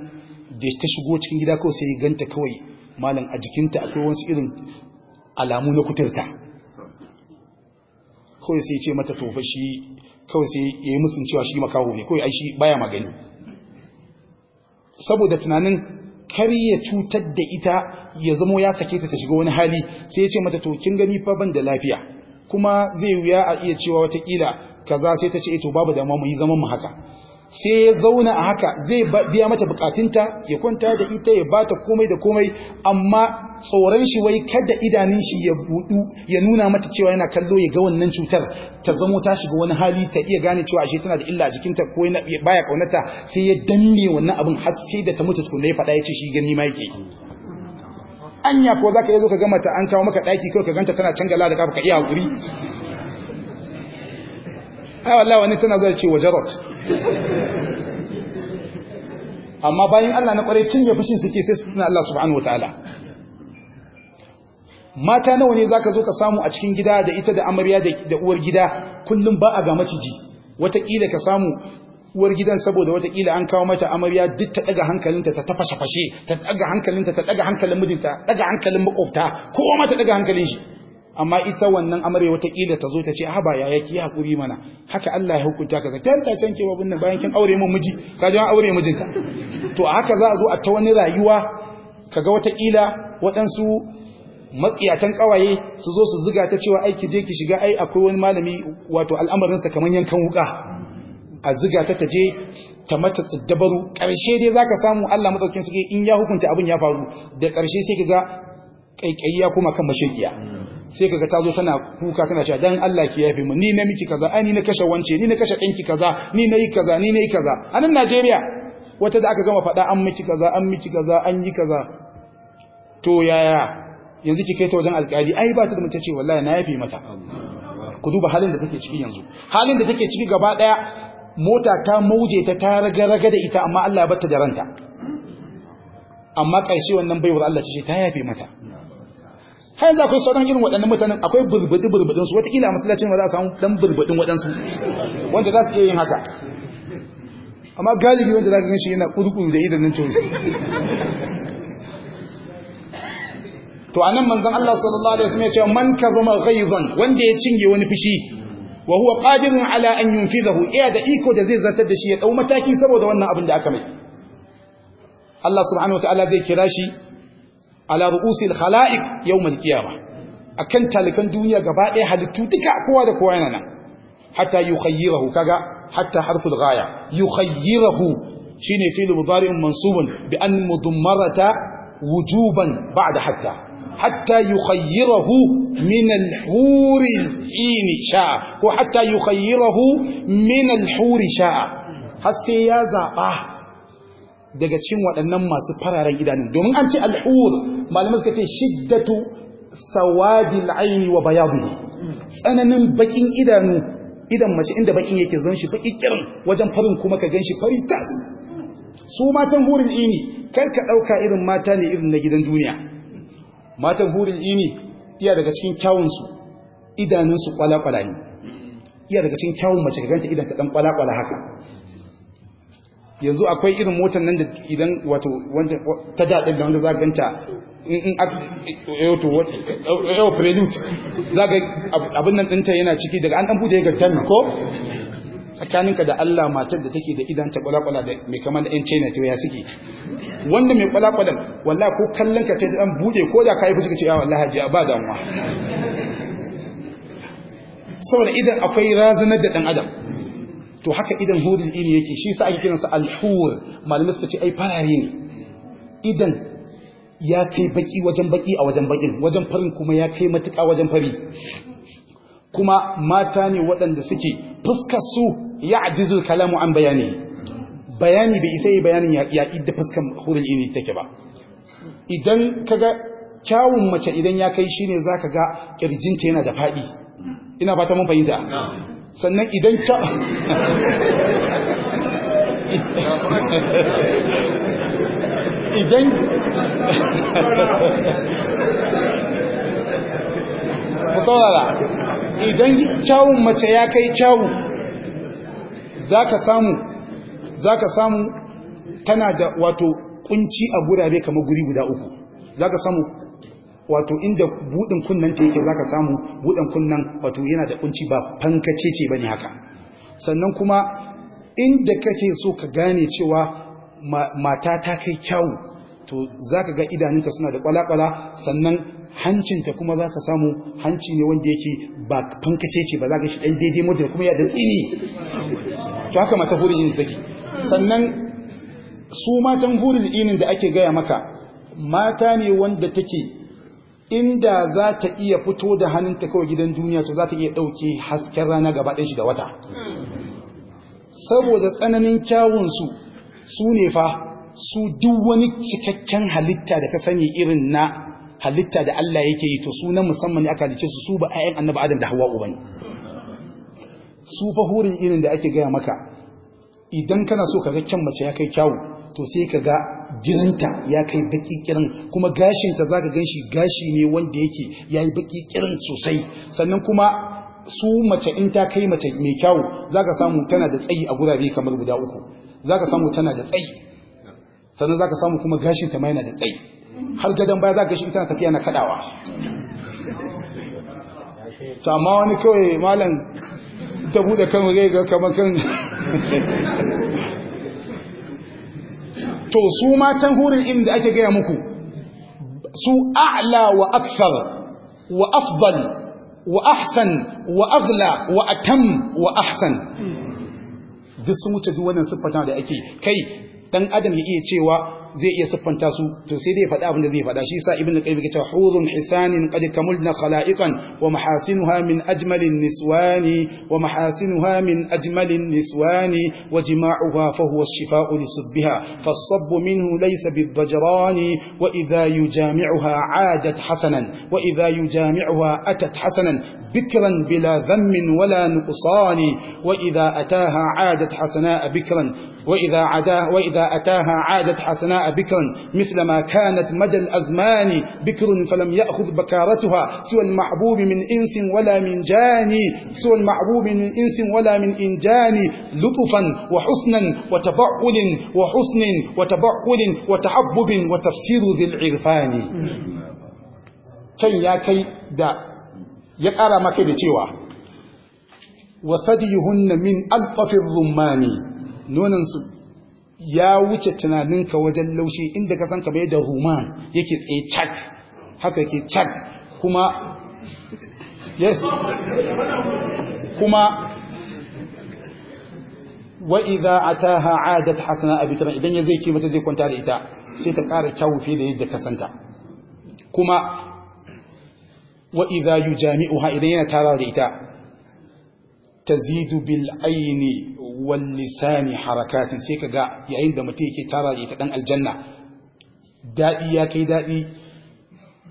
da ta shigo cikin gida kawai sai ganta kawai malam a jikinta akwai wasu irin alamu na kuturta kawai sai ce mata tofa shi kawai sai ya yi musun cewa shi makaho ne kawai ai shi baya magani saboda tunanin kar ya cutar da ita ya zamo ya sake ta ta shiga wani hali sai ya ce mata to kin gani fa ban da lafiya kuma zai wuya a iya cewa watakila kaza sai ta ce eh, to babu dama mu yi zaman mu haka sai ya zauna a haka zai biya mata bukatunta ya kwanta da ita ya bata komai da komai amma tsoron shi wai kada idanun shi ya budu ya nuna mata cewa yana kallo ya ga wannan cutar ta zamo ta shiga wani hali ta iya gane cewa ashe tana da illa jikinta ko yana baya kaunata sai ya danne wannan abin har da ta mutu tukunna ya faɗa ya ce shi gani ma yake anya ko zaka iya zo ka ga mata an kawo maka ɗaki, kawai ka ganta tana gala da ka iya hakuri ai wallahi wani tana zai ce wajarot amma bayan Allah na kware cinye fushin suke sai su tuna Allah subhanahu wataala mata nawa ne zaka zo ka samu a cikin gida da ita da amarya da uwar gida kullum ba a ga maciji wataƙila ka samu uwar gidan saboda watakila an kawo mata amarya duk ta ɗaga hankalinta ta tafashe fashe ta ɗaga hankalinta ta ɗaga hankalin mijinta ɗaga hankalin maƙwabta, kowa ma ta ɗaga hankalin shi amma ita wannan amare wataƙila ta zo ta ce a ba ya yake hakuri mana haka Allah ya hukunta ka ta ta canke wa binne bayan kin aure mun miji ka ji aure mijinka to a haka za a zo a ta wani rayuwa kaga watakila waɗansu matsiyatan kawaye su zo su ziga ta cewa aiki je ki shiga ai akwai wani malami wato al'amarinsa kamar yankan wuka a ziga ta ta je ta mata dabaru ƙarshe dai zaka samu Allah su suke in ya hukunta abin ya faru da ƙarshe sai kaga ƙaiƙayi ya koma kan mashirkiya sai kaga tazo tana kuka tana cewa dan Allah ki yafe mu ni na miki kaza ai ni na kashe wance ni na kashe ɗinki kaza ni na yi kaza ni na yi kaza a nan Najeriya wata da aka gama faɗa an miki kaza an miki kaza an yi kaza to yaya yanzu ki kai ta wajen alƙali ai ba ta da mutace wallahi na yafe mata ku duba halin da take ciki yanzu halin da take ciki gaba daya mota ta mauje ta ta raga-raga da ita amma Allah ya batta da ranta amma ƙarshe wannan baiwar Allah ce ta yafe mata har yanzu akwai sauran irin waɗannan mutanen akwai burbuɗi burbuɗin watakila wataƙila masallacin ma za a samu ɗan burbuɗin waɗansu wanda za su iya yin haka amma galibi wanda za ka gan shi yana kurkuru da idanun coci to a nan manzan Allah sallallahu alaihi wasallam ya ce man kazama ghaizan wanda ya cinye wani fishi wa huwa qadirun ala an yunfidahu iya da iko da zai zartar da shi ya dau mataki saboda wannan abin da aka mai Allah subhanahu wataala zai kira shi ala ru'usil khala'iq yawmal qiyamah akan talikan duniya gaba ɗaya halittu duka kowa da kowa yana nan hatta yukhayyirahu kaga hatta harful ghaya yukhayyirahu shine fi'l mudari'un mansubun bi an mudammarata wujuban ba'da hatta hatta yukhayyirahu min al-hur al sha'a ko hatta yukhayyirahu min al-hur sha'a har sai ya zaba daga cin waɗannan masu fararen idanun domin an ce al-hur malamai suka ce shiddatu sawadil aini wa bayadihi tsananin bakin idanu idan mace inda bakin yake zan shi baki kirin wajen farin kuma ka gan shi fari ta su matan hurin ini kar ka ɗauka irin mata ne irin na gidan duniya matan hurin ini iya daga cikin kyawunsu idanunsu idanun su kwalakwala ne iya daga cikin kyawun mace ka ganta idan ta dan kwalakwala haka yanzu akwai irin motar nan da idan wato wanda ta daɗin da wanda za ganta in yato eh, yau eh, eh, oh, prelude za ga abin nan ɗinta yana ciki daga an ɗan ya ga mai ko tsakaninka da Allah matar da take da idan ta kwalakwala da mai kamar da 'yan china ta ya suke wanda mai kwalakwalan wallah ko kallon ka ta ɗan buɗe ko da ka yi ka ce ya ah, wallah a ba damuwa saboda idan akwai razanar da ɗan adam to haka idan hudun iri yake shi sa ake kiransa alhur malamai suka ce ai farare ne idan ya kai baki wajen baki a wajen bakin wajen farin kuma ya kai matuka wajen fari kuma mata ne waɗanda suke fuskar su ya ajizul kalamu an bayani bayani bai isa yi bayanin ya idda fuskar hudun iri take ba idan ka ga kyawun mace idan ya kai shi ne za ka ga kirjinta yana da faɗi ina fata mun fahimta sannan idan ka idan ku saurara idan kyawun mace ya kai kyawun za ka samu za ka samu tana da wato kunci a gurabe kamar guri guda uku za ka samu wato inda budin kunnan ta yake zaka samu budin kunnan wato yana da kunci ba fankace ce bane haka sannan kuma inda kake so ka gane cewa mata ta kai kyau to zaka ga idanunta suna da kwalakwala sannan hancinta kuma zaka samu hanci ne wanda yake ba fankace ce ba zaka shi dan daidai da kuma ya dan tsini to haka mata hurin yin zaki sannan su matan hurin inin da ake gaya maka mata ne wanda take inda za ta iya fito da hannunta kawai gidan duniya to za ta iya ɗauke hasken rana gaba ɗaya shi da wata saboda tsananin kyawunsu su ne fa su duk wani cikakken halitta da ka sani irin na halitta da Allah yake yi to su na musamman ne aka halice su su ba ayan annabi adam da hawa bane su fa hurin irin da ake gaya maka idan kana so ka ga kyan mace ya kai kyawu to sai ka ga jininta ya kai baki kirin kuma gashinta za ka gan shi gashi ne wanda yake ya yi baki sosai sannan kuma su mace in ta kai mace mai kyau za ka samu tana da tsayi a gurabe kamar guda uku za ka samu tana da tsayi sannan za ka samu kuma gashinta ma yana da tsayi har gadon baya za ka gashi tana tafiya na kadawa to amma wani kawai malam ta bude kan rai ga kamar kan to su matan hurin inda ake gaya muku su a'la wa akthar wa afdal wa ahsan wa aghla wa atam wa ahsan duk sun wuce duk wannan siffata da ake kai dan adam ya iya cewa zai iya siffanta su to sai dai faɗa abin da zai faɗa shi yasa ibnu qayyim yake cewa hurun hisanin qad kamulna khala'iqan wa mahasinuha min ajmalin niswani wa mahasinuha min ajmalin niswani wa jima'uha fa huwa ash-shifa'u li subbiha fas-sabb minhu laysa bid-dajrani wa idha yujami'uha 'adat hasanan wa idha yujami'uha atat hasanan بكرا بلا ذم ولا نقصان وإذا أتاها عادت حسناء بكرا وإذا, عداها وإذا أتاها عادت حسناء بكر مثلما كانت مدى الأزمان بكر فلم يأخذ بكارتها سوى المحبوب من إنس ولا من جاني سوى المحبوب من إنس ولا من إنجاني لطفا وحسنا وتبعل وحسن وتبعل وتحبب وتفسير ذي العرفان كي يا كي دا يا ما كي cewa وثديهن من ألطف الرماني nonansu ya wuce tunaninka wajen laushi inda ka san kamar yadda ruman yake tsaye cak haka yake cak kuma yes kuma wa idza ataha adat hasana idan yaje ki mata zai kwanta da ita sai ta ƙara kyawu fiye da yadda ka santa kuma wa idza yujami'uha idan yana tara da ita tazidu bil aini wal harakatin sai ka ga yayin da mutum yake tara yi ta ɗan aljanna Daɗi ya kai daɗi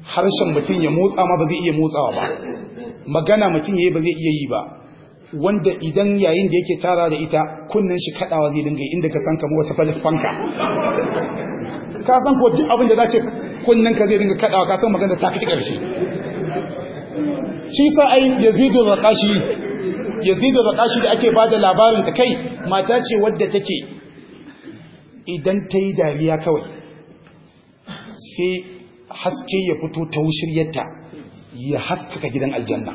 harshen mutum ya motsa ma ba zai iya motsawa ba magana mutum ya yi ba zai iya yi ba wanda idan yayin da yake tara da ita kunnen shi kaɗawa zai dinga inda ka san kamar wata fanka ka san ko duk abin da zace kunnen ka zai dinga kaɗawa, ka san magana ta fi ƙarshe. shi sa ai yazidu zakashi yazidu kashi da ake bada labarin ta kai mata ce wadda take idan ta yi dariya kawai sai haske ya fito ta wushiryarta ya haskaka gidan aljanna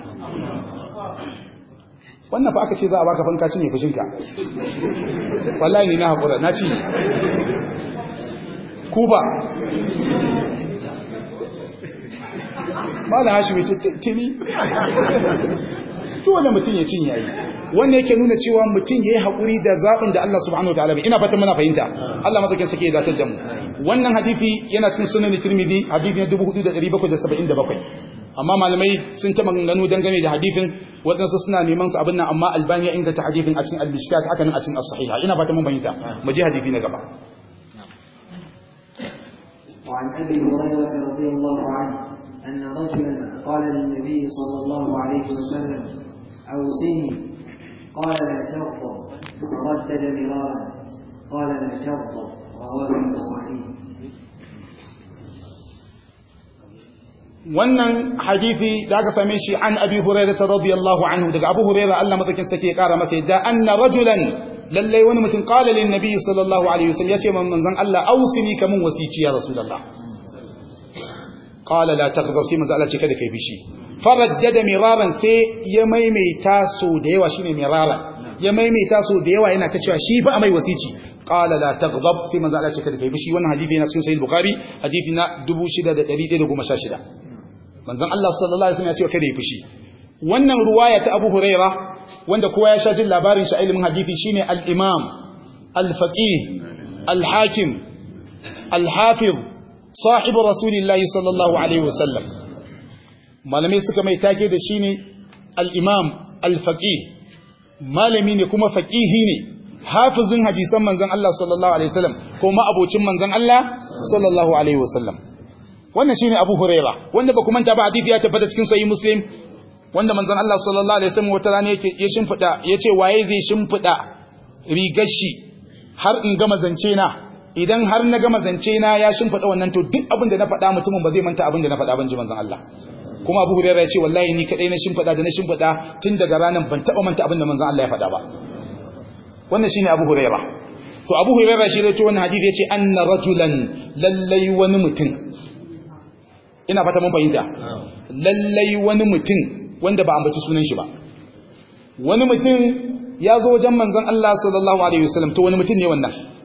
wannan fa aka ce za a baka fanka cinye fushinka wallahi ne na haƙura na ci kuba ba da hashi ce tini dole mutum ya cin yayi wanda yake nuna cewa mutum ya yi hakuri da zabin da Allah subhanahu ta'ala bai ina fata muna fahimta Allah madaukakin sake ya datar da mu wannan hadifi yana cikin sunan Tirmidhi hadifi na 4777 amma malamai sun ta maganganu dangane da hadifin waɗansu suna neman su abin nan amma albani ya inganta hadifin a cikin al-mishkat haka nan a cikin as-sahiha ina fata mun fahimta mu je hadifi na gaba وعن ابي هريره رضي الله عنه ان رجلا قال للنبي صلى الله عليه وسلم أو أوصني قال لا تغضب وردد مرارا قال لا تغضب رواه البخاري wannan hadisi da aka same shi an abi hurairah ta radiyallahu anhu daga abu hurairah Allah matsakin sake ya kara masa yadda anna rajulan lallai wani mutum qala lin nabi sallallahu alaihi wasallam yace man manzan Allah ausini kamun wasici ya rasulullah qala la taghdab sai manzon Allah ce kada kai bishi faraddada miraran sai ya maimaita sau da yawa shine miraran ya maimaita sau da yawa yana ta cewa shi ba mai wasici qala ta taghdab sai manzo Allah ce kada kai bishi wannan hadisi yana cikin sahih bukhari hadisi na 6116 manzo Allah sallallahu alaihi wasallam ya ce kada yi fushi wannan ruwaya ta Abu Huraira wanda kowa ya sha jin labarin shi ilimin hadisi shine al-imam al-faqih al-hakim al-hafiz صاحب رسول sallallahu alaihi الله عليه malamai suka mai take da shi ne al'imam al-faƙih malami ne kuma faƙihi ne hafizin hadisan manzan Allah sallallahu Alaihi wasallam ko ma'abocin manzan Allah sallallahu Alaihi wasallam wannan shi ne abu huraira wanda ba kuma ta ba hadithi ya tabbata cikin sayi muslim wanda manzan Allah sallallahu Alaihi wasallam wata rana ya shimfiɗa ya ce waye zai shimfiɗa rigar shi har in gama zance na idan har na gama zance na ya shin wannan to duk abin da na faɗa mutumin ba zai manta abin da na faɗa ban ji manzon Allah kuma abu hurairu ya ce wallahi ni kadai na shimfada da na shimfada tun daga ranar ban taɓa manta abin da manzon Allah ya faɗa ba wannan shine abu hurairu to abu hurairu shi wani rawaito ya ce yace anna rajulan lallai wani mutum ina fata mun fahimta lallai wani mutum wanda ba ambaci sunan shi ba wani mutum ya zo wajen manzon Allah sallallahu alaihi wasallam to wani mutum ne wannan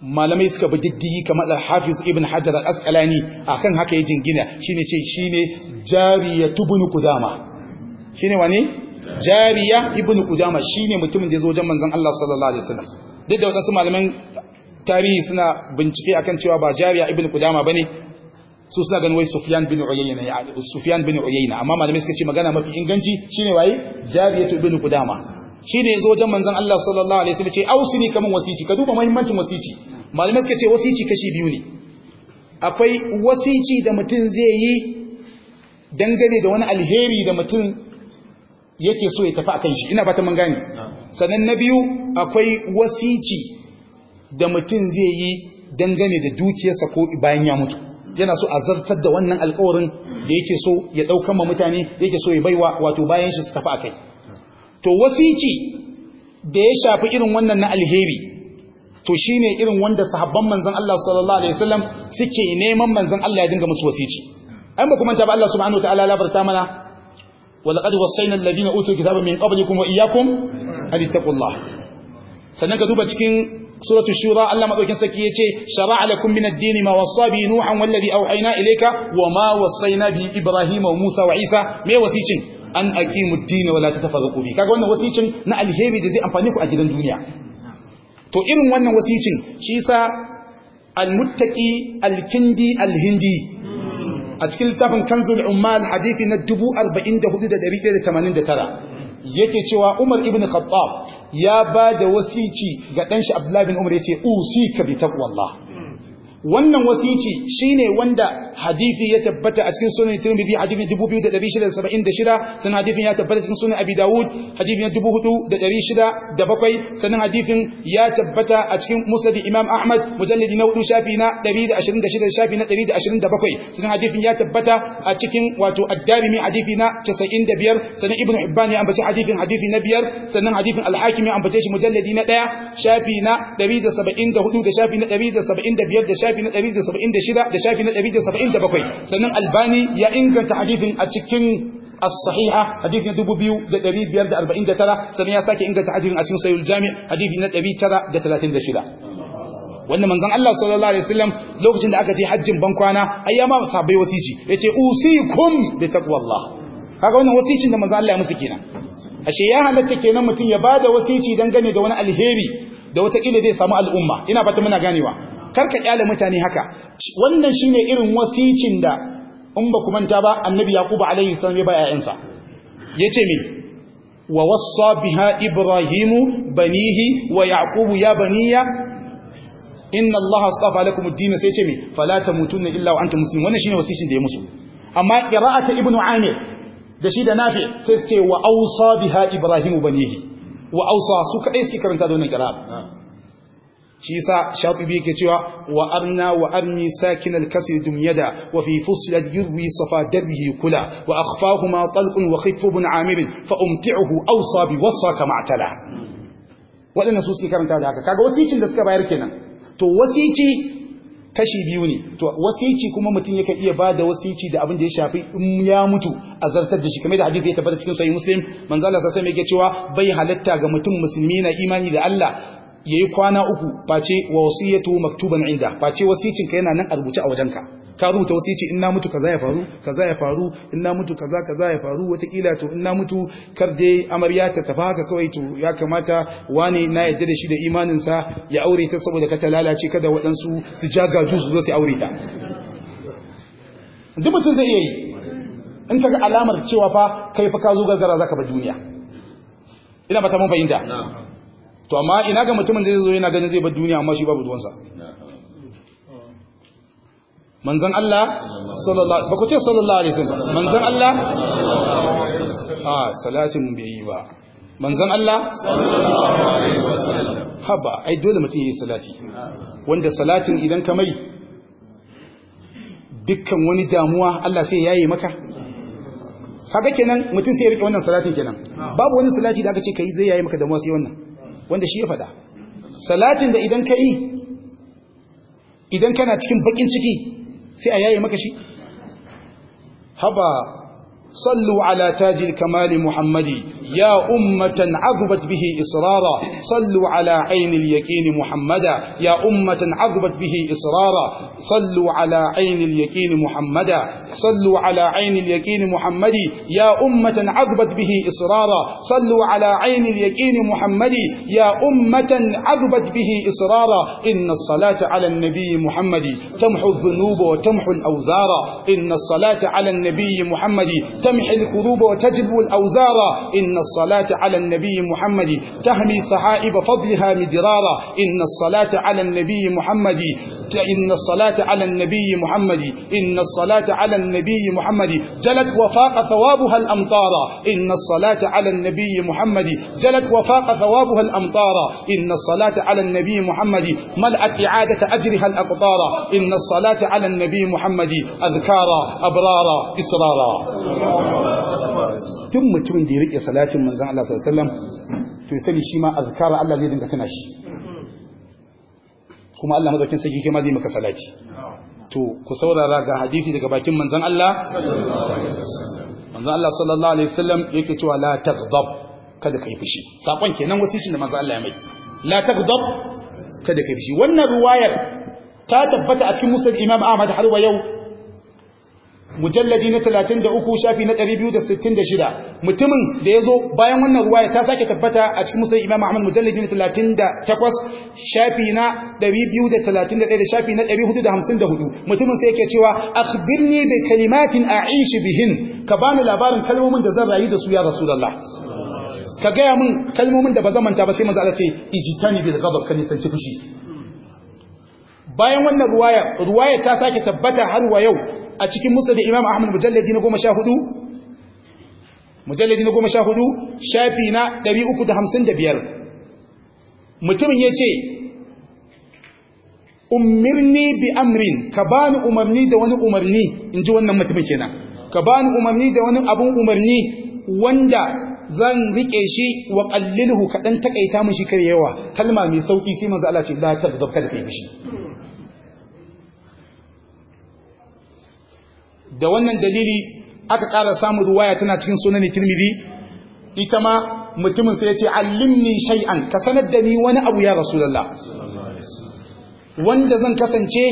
malamai suka bi diddigi kamar al-hafiz ibn hajar al-asqalani akan haka ya jingina shine ce shine jariya tubun kudama shine wani jariya ibn kudama shine mutumin da ya zo wajen manzon Allah sallallahu alaihi wasallam duk da wasu malaman tarihi suna bincike akan cewa ba jariya ibn kudama bane su suna ganin wai sufyan bin uyayna ya sufyan bin uyayna amma malamai suka ce magana mafi inganci shine waye jariya ibn kudama shine yazo wajen manzon Allah sallallahu alaihi wasallam ce ausini kaman wasici ka duba muhimmancin wasici malamai suka ce wasici kashi biyu ne akwai wasici da mutum zai yi dangane da wani alheri da mutum yake so ya tafi akan shi ina fata mun gane sannan na biyu akwai wasici da mutum zai yi dangane da dukiyarsa ko bayan ya mutu yana so a zartar da wannan alkawarin da yake so ya ɗaukan ma mutane yake so ya baiwa wato bayan shi su tafi akai to wasici da ya shafi irin wannan na alheri to ne irin wanda sahabban manzon Allah sallallahu alaihi wasallam suke neman manzon Allah ya dinga musu wasici an ba kuma ta ba Allah subhanahu wataala ya labarta mana walaqad wassayna alladhina utul kitaba min qablikum wa iyyakum an ittaqullah sannan ka duba cikin suratul shura Allah madaukin saki yace shar'a lakum min ad-din ma wassa bi nuhan wallazi awhayna ilayka wa ma wassayna bi ibrahima wa musa wa isa me wasicin an aqimu ad-din wa la tatafarraqu fi kaga wannan wasicin na alheri da zai amfane ku a gidan duniya to irin wannan wasicin shi yasa al-muttaqi al-kindi al-hindi a cikin littafin kanzul ummal hadithi na 44189 yake cewa Umar ibn Khattab ya ba da wasici ga dan shi Abdullah bin Umar yace usika bi taqwallah wannan wasici shine wanda hadisi ya tabbata a cikin sunan Tirmidhi hadisi 2676 sanan hadisin ya tabbata cikin sunan Abi Dawud hadisi 4607 sanan hadisin ya tabbata a cikin Musnad Imam Ahmad mujallidi na 4 shafi na 126 shafi na 127 sanan hadisin ya tabbata a cikin wato Ad-Darimi hadisi na 95 sanan Ibn Hibban ya ambaci hadisin hadisi na biyar sanan hadisin Al-Hakim ya ambace shi mujallidi na 1 shafi na 174 da shafi na 175 da shafi shafi na 176 da shafi na 177 sannan albani ya inganta hadithin a cikin الصحيحة حديث ندبو بيو دري بيرد أربعين دتلا سميا ساكي إنك تحديث أتين سيو الجامع حديث ندبي ترى دتلاتين دشلا wanda manzon Allah sallallahu alaihi wasallam lokacin da aka ce hajjin bankwana ayyama sabai wasici yace usikum bi taqwallah kaga wannan wasicin da manzon Allah ya musu kenan ashe ya halatta kenan mutum ya bada wasici dangane da wani alheri da wata kila zai samu al'umma ina fata muna ganewa karka kyale mutane haka wannan shine irin wasicin da in ba ku manta ba annabi yaquba alaihi salam ya baya yayansa yace me wa wassa biha ibrahimu banihi wa yaqubu ya baniya inna allaha astafa lakum ad-din sai yace me fala tamutunna illa wa antum muslimun wannan shine wasicin da ya musu amma qira'atu Ibn amir da shi da nafi sai ce wa awsa biha ibrahimu banihi wa awsa su kadai suke karanta da wannan qira'a shi sa shafibi ke cewa wa arna wa arni sakin al-kasr wa fi yurwi safa darbihi kula wa ma talqun wa khiff ibn amir fa umti'uhu awsa bi wasaka ma'tala wadannan su suke karanta da haka kaga wasicin da suka bayar kenan to wasici kashi biyu ne to wasici kuma mutum yake iya bada wasici da abin da ya shafi in ya mutu a zartar da shi kamar da hadisi ya tabbata cikin sahih muslim manzo Allah sai yake cewa bai halatta ga mutum musulmi na imani da Allah yayi kwana uku face wa wasiyatu maktuban inda face wasicin ka yana nan a rubuce a wajenka ka rubuta wasici in na mutu kaza ya faru kaza ya faru in na mutu kaza kaza ya faru watakila to in na mutu kar dai amarya ta tafi haka kawai to ya kamata wani na yadda da shi da imanin sa ya aure ta saboda ka ta lalace kada waɗansu su jaga su zo su aure ta duk mutum zai iya yi in ga alamar cewa fa kai fa ka zo gargara zaka ba duniya ina ba ta mun fahimta to amma ina ga mutumin da zai zo yana ganin zai bar duniya amma shi babu ruwansa manzan Allah sallallahu ba ku ce sallallahu alaihi wasallam manzan Allah a salatin bai yi ba manzan Allah sallallahu alaihi wasallam haba ai dole mutum yayi salati wanda salatin idan ka mai dukkan wani damuwa Allah sai yayi maka kaga kenan mutum sai ya rike wannan salatin kenan babu wani salati da aka ce kai zai yayi maka damuwa sai wannan wanda shi ya faɗa salatin da idan ka yi idan kana cikin bakin ciki sai a yaye maka shi haba sallu ala tajil kamali muhammadi يا أمة عذبت به إصرارا صلوا على عين اليقين محمدا يا أمة عذبت به إصرارا صلوا على عين اليقين محمدا صلوا على عين اليقين محمدي يا أمة عذبت به إصرارا صلوا على عين اليقين محمدي يا أمة عذبت به إصرارا إن الصلاة على النبي محمد تمحو الذنوب وتمحو الأوزار إن الصلاة على النبي محمد تمحي الكروب وتجب الأوزار إن إن الصلاة على النبي محمد تهمي صحائب فضلها مدرارا إن الصلاة على النبي محمد إن الصلاة على النبي محمد إن الصلاة على النبي محمد جلت وفاق ثوابها الأمطار إن الصلاة على النبي محمد جلت وفاق ثوابها الأمطار إن الصلاة على النبي محمد ملأت إعادة أجرها الأقطار إن الصلاة على النبي محمد أذكارا أبرارا إسرارا duk mutumin da ya rike salatin manzon Allah sallallahu alaihi wasallam to ya sani shi ma azkara Allah zai dinga tana shi kuma Allah madaukin sarki kai ma zai maka salati to ku saurara ga hadisi daga bakin manzon Allah manzon Allah sallallahu alaihi wasallam yake cewa la taghdab kada kai fushi sakon kenan wasicin da manzon Allah ya mai la taghdab kada kai fushi wannan riwayar ta tabbata a cikin musnad Imam Ahmad har wa yau mujalladi na 33 shafi na 266 mutumin da yazo bayan wannan ruwaya ta sake tabbata a cikin musulun imam ahmad mujalladi na 38 shafi na 231 shafi na 454 mutumin sai yake cewa akhbirni bi kalimatin a'ishu bihin ka bani labarin kalmomin da zan rayu da su ya rasulullah ka gaya min kalmomin da ba zan manta ba sai manzo Allah ce ijtani bil ghadab kan nisanci fushi bayan wannan ruwaya ruwaya ta sake tabbata har wa yau a cikin musa da imam ahmad mujalladi na goma sha hudu mujalladi na goma sha hudu shafi na ɗari uku da hamsin da biyar mutumin ya ce umarni bi amrin ka bani umarni da wani umarni in ji wannan mutumin kenan ka bani umarni da wani abun umarni wanda zan riƙe shi wa qalliluhu kaɗan taƙaita mishi kar yawa kalma mai sauƙi sai manzo Allah ce la tazab kada kai mishi da wannan dalili aka ƙara samun ruwaya tana cikin sunan tirmidhi ita ma mutumin sai ya ce allimni shay'an ka sanar da ni wani abu ya rasulullah wanda zan kasance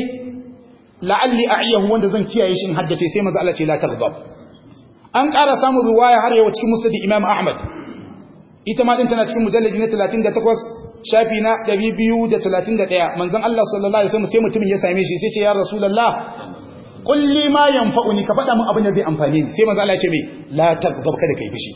la'alli a'iyahu wanda zan kiyaye shi haddace sai manzo Allah ce la taghdab an ƙara samun ruwaya har yau cikin musnad imam ahmad ita ma din tana cikin mujallad na 38 shafi na 231 manzon Allah sallallahu alaihi wasallam sai mutumin ya same shi sai ce ya rasulullah kulli ma yanfa'uni ka faɗa min abin da zai amfane ni sai manzo Allah ya ce me la taghdab kada kai fishi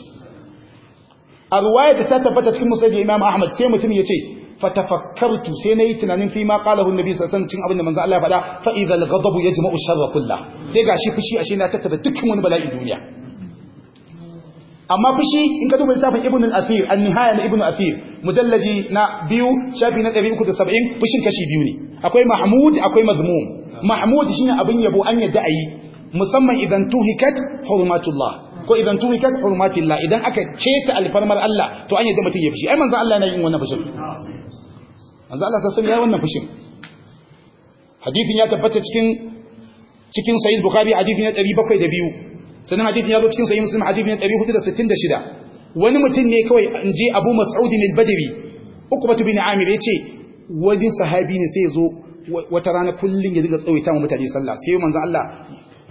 a ruwaya da ta tabbata cikin musnad Imam Ahmad sai mutum ya ce fa tafakkartu sai nayi tunanin fi ma qalahu annabi sallallahu alaihi abin da manzo Allah ya faɗa fa idza al-ghadab yajma'u sharra kullah sai gashi fushi ashe na tattara dukkan wani bala'i duniya amma fushi in ka duba littafin ibn al-afir an-nihaya na ibn al-afir mujalladi na biyu shafi na 370 fushin kashi biyu ne akwai mahmud akwai mazmum mahmud shine abin yabo an yadda ayi musamman idan tuhikat hurmatullah ko idan tuhikat hurmatillah idan aka keta alfarmar Allah to an yadda mutum ya fushi ai manzo Allah yana yin wannan fushin manzo Allah sai ya wannan fushin hadithin ya tabbata cikin cikin sahih bukhari hadithi na 702 sannan hadithin ya zo cikin sahih muslim hadithi na 466 wani mutum ne kawai in je Abu Mas'ud al-Badri Ukbatu bin Amir yace wani sahabi ne sai ya zo wata rana kullum ya dinga tsawaita wa mutane sallah sai manzo Allah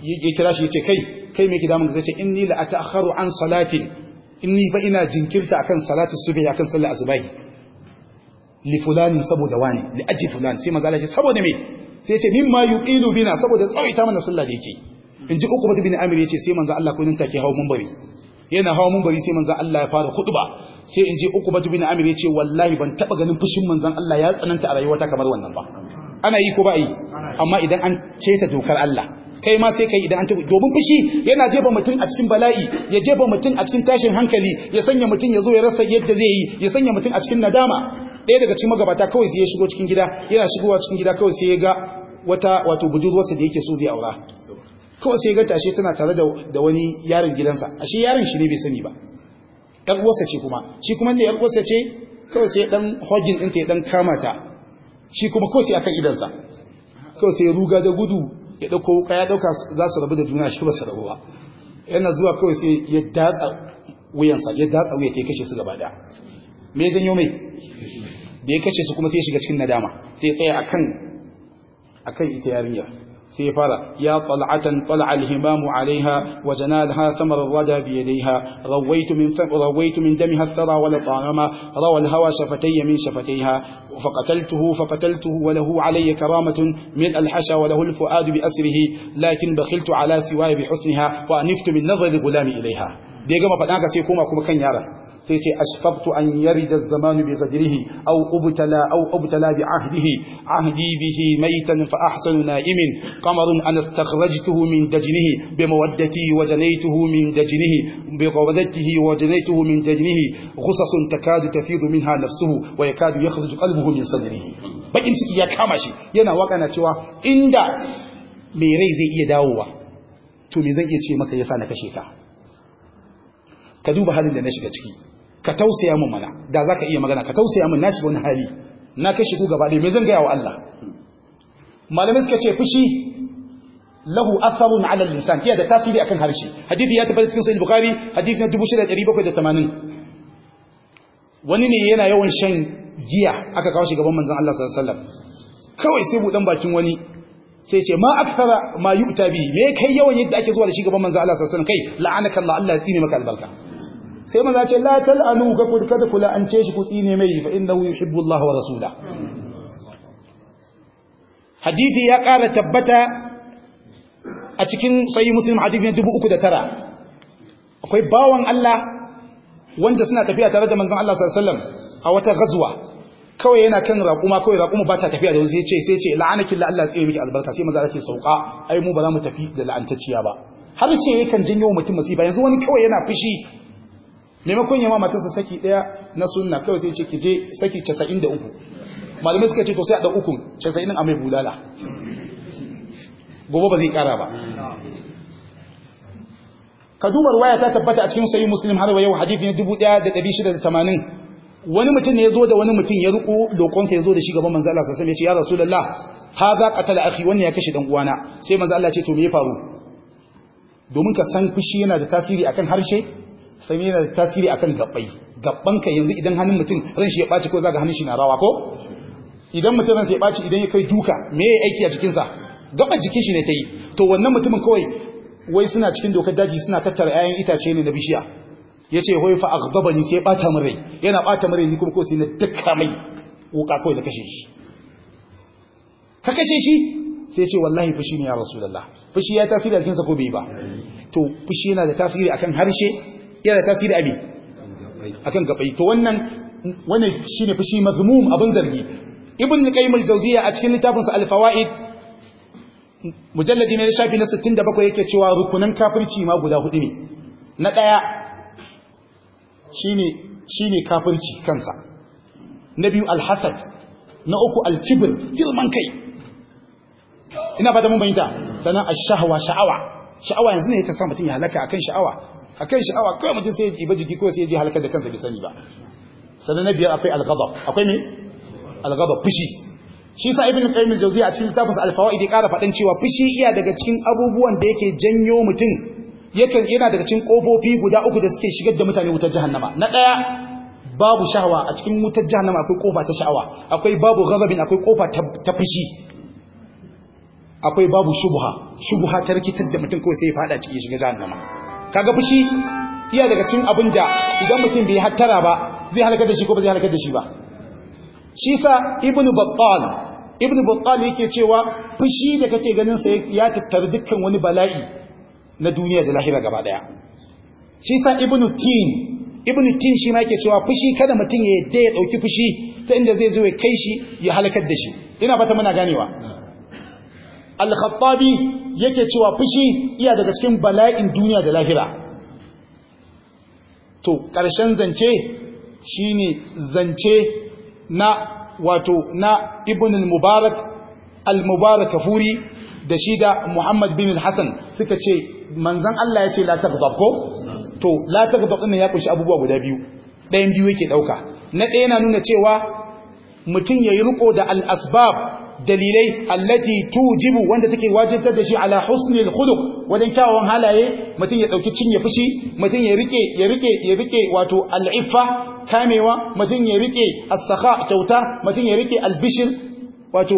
ya kira shi ya ce kai kai me ke damun ka sai ce inni la ata'akharu an salatin inni fa ina jinkirta akan salatu subhi akan sallar asubahi li fulani saboda wani li aji fulani sai manzo Allah ya ce saboda me sai ya ce mimma yuqilu bina saboda tsawaita mana sallah da yake in ji uku bin amir ya ce sai manzo Allah ko nan take hawo munbari yana hawa mun bari sai manzan Allah ya fara khutba sai in ji uku batu bin amir ya ce wallahi ban taba ganin fushin manzan Allah ya tsananta a rayuwata kamar wannan ba ana yi ko ba yi amma idan an keta dokar Allah kai ma sai kai idan an tafi domin fushi yana jefa mutum a cikin bala'i ya jefa mutum a cikin tashin hankali ya sanya mutum ya zo ya rasa yadda zai yi ya sanya mutum a cikin nadama ɗaya daga cikin magabata kawai sai ya shigo cikin gida yana shigowa cikin gida kawai sai ya ga wata wato budurwarsa da yake so zai aura kawai sai ya ga tashi tana tare da wani yaron gidansa ashe yaron shi ne bai sani ba ɗan uwarsa ce kuma shi kuma ne ɗan uwarsa ce kawai sai ɗan hogin ɗinta ya ɗan kama ta shi kuma ko sai akan idansa kawai sai ya ruga da gudu ya dauko wuka ya dauka za su rabu da juna shi ba su rabu ba yana zuwa kawai sai ya datsa wuyansa ya datsa wuya ya kashe su gaba da me zan yi mai da ya kashe su kuma sai ya shiga cikin nadama sai ya tsaya akan akan ita yarinya سيفرة يا طلعة طلع الهمام عليها وجنالها ثمر الردى بيديها رويت من رويت من دمها الثرى ولطالما روى الهوى شفتي من شفتيها فقتلته فقتلته وله علي كرامة من الحشا وله الفؤاد بأسره لكن بخلت على سواي بحسنها وأنفت من نظر الغلام إليها دي جمع بدأك سيكون أكو مكان يارا sai ce ashfaqtu an yarida az-zaman bi ghadrihi aw ubtala aw ubtala bi ahdihi ahdi bihi maytan fa ahsanu na'imin qamarun an astakhrajtuhu min dajnihi bi mawaddati wa janaytuhu min dajnihi bi qawadatihi wa janaytuhu min dajnihi ghusasun takadu tafidu minha nafsuhu wa yakadu yakhruju qalbuhu min sadrihi bakin ciki ya kama shi yana waka na cewa inda me rai zai iya dawowa to me zan iya ce maka yasa na kashe ka ka duba halin da na shiga ciki ka tausaya mu mana da zaka iya magana ka tausaya na nashi wani hali na kai shi ku gaba ɗaya me zan gaya wa Allah Malamin suka ce fushi lahu atharun ala lisan ya da tasiri akan harshe hadisi ya tabbata cikin sahih bukhari hadisi na 2780 wani ne yana yawan shan giya aka kawo shi gaban manzon Allah sallallahu alaihi wasallam kawai sai budan bakin wani sai ce ma akthara ma yu'ta bi me kai yawan yadda ake zuwa da shi gaban manzon Allah sallallahu alaihi wasallam kai la'anaka Allah Allah ya tsine maka albarka sai maza ce la tal'anu ka ku kada kula an ce shi kutsi ne mai fa innahu yuhibbu Allah wa rasula hadisi ya ƙara tabbata a cikin sahih dubu uku da tara. akwai bawan Allah wanda suna tafiya tare da manzan Allah sallallahu a wata ghazwa kawai yana kan raƙuma kawai raƙuma ba ta tafiya da wani sai ce sai ce la'anaki la Allah tsere miki albarka sai maza ake sauka ai mu ba za mu tafi da la'antacciya ba har ce yakan janyo mutum masifa yanzu wani kawai yana fushi maimakon yawa matarsa saki daya na sunna kawai sai ce ki je saki 93 malamai suka ce to sai a ɗan ukun 90 a mai bulala gobe ba zai kara ba ka dubar waya ta tabbata a cikin sayi musulun har wa yau hadisi ne 1680 wani mutum ne ya zo da wani mutum ya riko dokonsa ya zo da shi gaban manzo Allah sallallahu alaihi wasallam ya ce ha za hadha tala aki wannan ya kashe dan uwana sai manzo Allah ce to me ya faru domin ka san fushi yana da tasiri akan harshe sai yana da tasiri akan gabbai gabbanka yanzu idan hannun mutum ran shi ya baci ko zaga hannun shi na rawa ko idan mutum ran ya ɓaci idan ya kai duka me ya aiki a cikin gaba jikin shi ne ta yi to wannan mutumin kawai wai suna cikin dokar daji suna tattara 'ya'yan itace ne na bishiya ya ce wai fa aghdaba ni sai bata rai yana ɓata min rai ni kuma ko sai na dukka mai wuka kawai na kashe shi ka kashe shi sai ce wallahi fushi ne ya rasulullah fushi ya tasiri a kinsa ko bai ba to fushi yana da tasiri akan harshe yana da tasiri abi akan gabai to wannan wannan shine fushi mazmum abin zargi ibn qayyim al-jawziya a cikin littafin sa al-fawaid mujalladi ne na shafi na 67 yake cewa rukunan kafirci ma guda hudu ne na ɗaya shine shine kafirci kansa na biyu al-hasad na uku al-kibr girman kai ina fata mun bayyana sanan ash-shahwa sha'awa sha'awa yanzu ne ta sa mutum ya halaka akan sha'awa akan sha'awa kawai mutum sai ya iba jiki ko sai ya ji halakar da kansa bai sani ba sannan na biyar akwai al akwai ne? al fushi shi sa ibn qayyim al-jawziy a cikin tafas al-fawaid ya ƙara cewa fushi iya daga cikin abubuwan da yake janyo mutum yakan yana daga cikin kofofi guda uku da suke shigar da mutane wutar jahannama na ɗaya babu sha'awa a cikin wutar jahannama akwai kofa ta sha'awa akwai babu ghadabin akwai kofa ta fushi akwai babu shubha shubha ta rikitar da mutum kawai sai ya fada cikin shiga jahannama kaga fushi iya daga cin abin da idan mutum bai hattara ba zai halakar da shi ko ba zai halaka da shi ba shi sa ibnu battal ibnu battal yake cewa fushi da kake ganin sa ya tattar dukkan wani bala'i na duniya da lahira gaba daya shi sa ibn tin Ibn tin shi ma yake cewa fushi kada mutum ya yadda ya dauki fushi ta inda zai zo ya kai shi ya halakar da shi ina fata muna ganewa al-khattabi yake cewa fushi iya daga cikin bala'in duniya da lahira to ƙarshen zance shine zance na wato na ibn al-mubarak al-mubarak kafuri da shi da muhammad bin hassan suka ce manzan Allah ya ce la taghdab ko to la taghdab din ya kunshi abubuwa guda biyu ɗayan biyu yake ɗauka. na ɗaya yana nuna cewa mutum yayi riko da al-asbab dalilai allati tujibu wanda take wajibtar da shi ala husnil khuluq wajen kyawawan halaye mutum ya dauki cinye fushi mutum ya rike ya rike ya rike wato al'iffa kamewa mutum ya rike as kyauta ya rike wato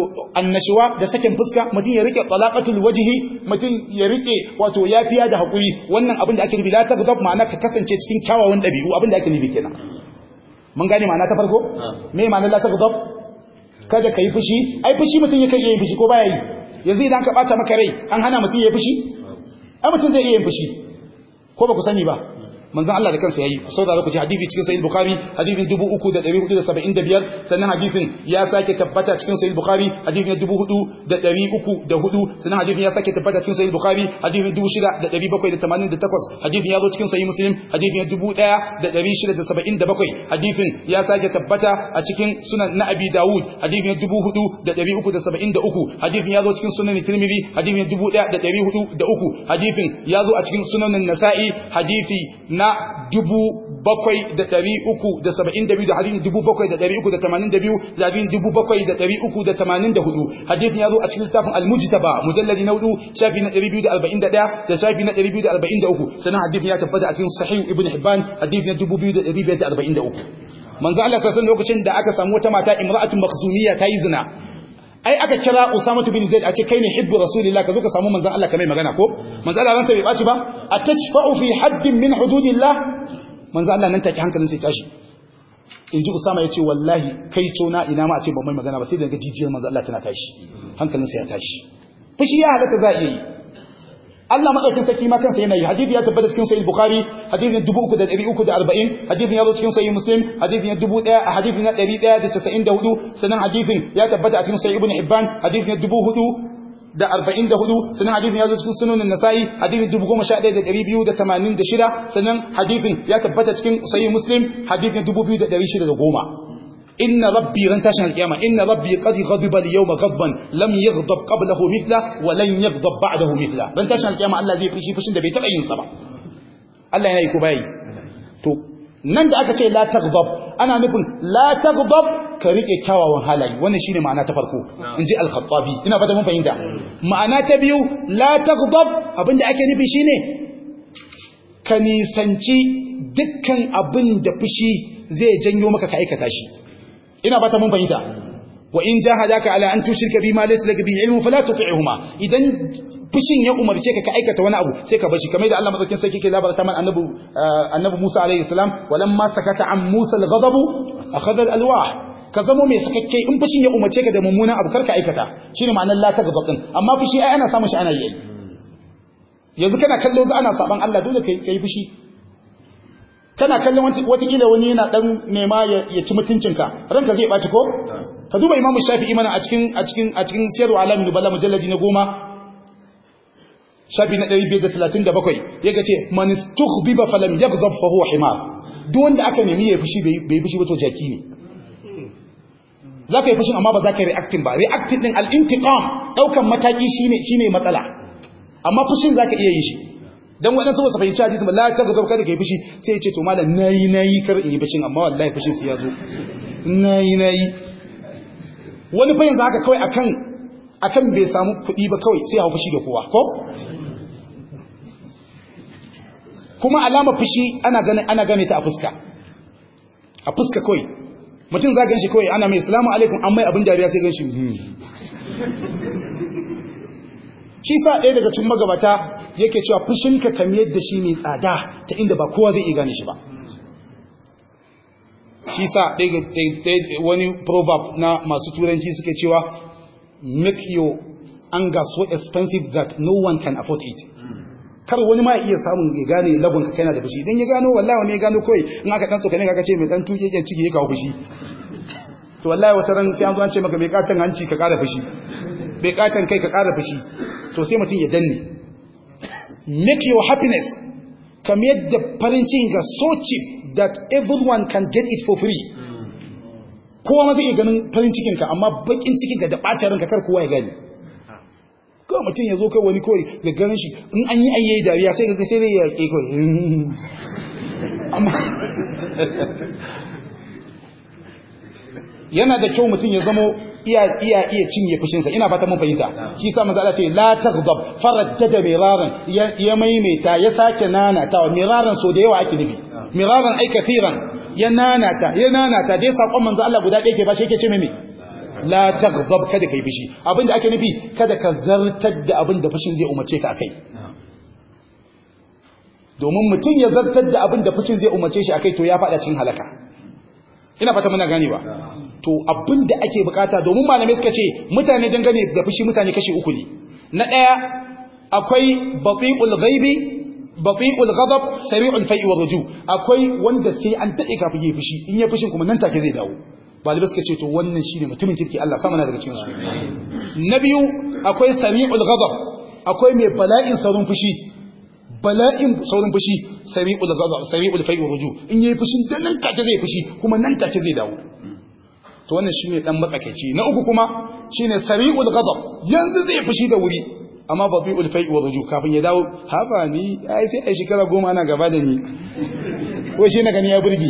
da sakin fuska mutum ya rike talaqatul wajhi ya rike wato yafiya da hakuri wannan abin da ake nufi la ma'ana ka kasance cikin kyawawan dabi'u abin da ake nufi kenan mun gane ma'ana ta farko me ma'anar la kada ka yi fushi ai fushi mutum ya kai iya yi fushi ko baya yi yanzu idan ka bata maka rai an hana mutum ya yi fushi ai mutum zai iya yin fushi ko ba ku sani ba manzon Allah da kansa yayi saboda ku ji hadisi cikin sahih bukhari hadisin 3475 sannan hadisin ya sake tabbata cikin sahih bukhari hadisin 4304 sannan hadisin ya sake tabbata cikin sahih bukhari hadisin 6788 hadisin ya zo cikin sahih muslim hadisin 1677 hadisin ya sake tabbata a cikin sunan na abi dawud hadisin 4373 hadisin ya zo cikin sunan tirmidhi hadisin 1403 hadisin ya zo a cikin sunan nasa'i hadisi na na dubu bakwai da ɗari uku da saba'in da biyu da hadin dubu bakwai da ɗari uku da tamanin da biyu da hadin dubu bakwai da ɗari uku da tamanin da hudu hadin ya zo a cikin littafin almujtaba mujalladi na hudu shafi na ɗari biyu da arba'in da ɗaya da shafi na ɗari biyu da arba'in da uku sannan hadin ya tabbata a cikin sahih ibn hibban hadin na dubu biyu da ɗari biyar da arba'in da uku manzo Allah ta lokacin da aka samu wata mata imra'atun makhzumiyya ta yi zina ai aka kira Usama bin Zaid a ce kai ne hibbu Rasulillah ka zo ka samu manzon Allah ka magana ko manzo Allah ransa bai baci ba atashfa'u fi haddin min hududillah manzo Allah nan take hankalin sai tashi inji Usama yace wallahi kai tona ina ma a ce ban mai magana ba sai daga jijiyar manzo Allah tana tashi hankalin sai ya tashi fushi ya halaka za yi Allah madaukin saki ma kansa yana yi hadisi ya tabbata cikin sahih bukhari hadisi 3340 hadisi ya zo cikin sahih muslim hadisi na 1000 hadisi na 1194 sanan hadisin ya tabbata a cikin sahih ibn hibban hadisi na 4000 da arba'in da hudu sannan hadifin ya zo cikin sunanin nasa'i hadifin dubu goma sha ɗaya da ɗari biyu da tamanin da shida sannan hadifin ya tabbata cikin sayi muslim hadifin dubu biyu da ɗari shida da goma inna rabbi ran tashin alƙiyama inna rabbi qad ghadiba al-yawma ghadban lam yaghdab qablahu mithla wa lan yaghdab ba'dahu mithla ran tashin alƙiyama Allah zai fushi fushin da bai taɓa yin sa ba Allah ya yi ko bai nan da aka ce la taghdab ana nufin la taghdab ka rike kyawawan halaye wannan shine ma'ana ta farko inji al-khattabi ina fata mun fahimta ma'ana ta biyu la taghdab abinda ake nufi shine ka nisanci dukkan abin da fushi zai janyo maka ka aikata shi ina fata mun fahimta wa in jahadaka ala an tushrika bima laysa laka bihi ilmun fala tuti'huma idan fushin ya umarce ka ka aikata wani abu sai ka bashi kamar da Allah madaukakin sarki ke labarta man annabi eh, annabi Musa alaihi salam walamma sakata an Musa al-ghadab akhadha al-alwah ka zamo mai sakakke in fushin ya umarce ka da mummunan abu karka aikata shine ma'anar la ta gabakin amma fushi ai ana samun shi ana yi yanzu kana kallo za ana saban Allah dole kai kai fushi kana kallon watakila wani yana dan nema ya ci mutuncinka ranka zai ɓaci ko ka duba imamu shafi'i mana a cikin a cikin a cikin siyarwa alamin bala mujalladi na goma shafi na 537 yake ce man istughdiba falam yaghdab fa huwa himar duk wanda aka nemi yayi fushi bai fushi ba to jaki ne zaka yi fushin amma ba zaka reacting ba reacting din al-intiqam daukan mataki shine shine matsala amma fushin zaka iya yin shi dan wadansu saboda su fahimci hadisin la ka gaba kada kai fushi sai ya ce to malam nayi nayi kar in yi fushin amma wallahi fushin sai ya zo nayi nayi wani bayan za haka kawai akan kan bai samu kuɗi ba kawai sai hau fushi da kowa ko kuma alama fushi ana gane ta a fuska a fuska kawai mutum za gan shi kawai ana mai salamu alaikum an mai abin dariya sai gan shi shi sa ɗaya daga cin magabata yake cewa fushinka kamar yadda shi mai tsada ta inda ba kowa zai iya gane shi ba shi sa wani proverb na masu turanci suke cewa make your anger so expensive that no one can afford it kar wani ma iya samun ya gane labon ka kana da fushi idan ya gano wallahi wani ya gano koi in aka dan tsokane kaga ce mai dan tuke yake ciki ya kawo fushi to wallahi wata ran sai an zo an ce maka mai katan hanci ka kara fushi mai katan kai ka kara fushi to sai mutum ya danne make your happiness kamar yadda farin cikin ga so cheap that everyone can get it for free kowa ma zai iya ganin farin cikinka amma bakin cikinka da ɓacin ranka kar kowa ya gani kawai mutum ya zo kai wani kawai da ganin shi in an yi ayyayi dariya sai ga sai dai ya ke kawai yana da kyau mutum ya zamo iya iya iya cinye fushinsa ina fata mun fahimta shi sa manzo Allah ce la taghdab faraddada miraran ya maimaita ya sake nanatawa miraran so da yawa ake nufi miraran ai kathiran ya nanata ya nanata dai sakon manzo Allah guda ɗaya ke ba shi yake ce mai la taghdab kada kai fushi abinda ake nufi kada ka zartar da abinda fushin zai umarce ka akai domin mutum ya zartar da abinda fushin zai umarce shi akai to ya fada cikin halaka ina fata muna gane ba to abinda ake bukata domin malamai suka ce mutane dangane da fushi mutane kashi uku ne na daya akwai baqiul ghaibi bati'ul ghadab sari'ul fai'i wa ruju akwai wanda sai an dade kafin yayi fushi in yayi fushin kuma nan take zai dawo balibai suka ce to wannan shine mutumin kirki Allah sama na daga cikin su na biyu akwai sami'ul ghadab akwai mai bala'in saurin fushi bala'in saurin fushi sami'ul ghadab sami'ul fai'i wa ruju in yayi fushin dan nan take zai fushi kuma nan take zai dawo to wannan shine dan matsakaici na uku kuma shine sami'ul ghadab yanzu zai fushi da wuri amma ba fi ulfai wa ruju kafin ya dawo haba ni ai sai a shekara goma ana gaba da ni ko shi na gani ya burge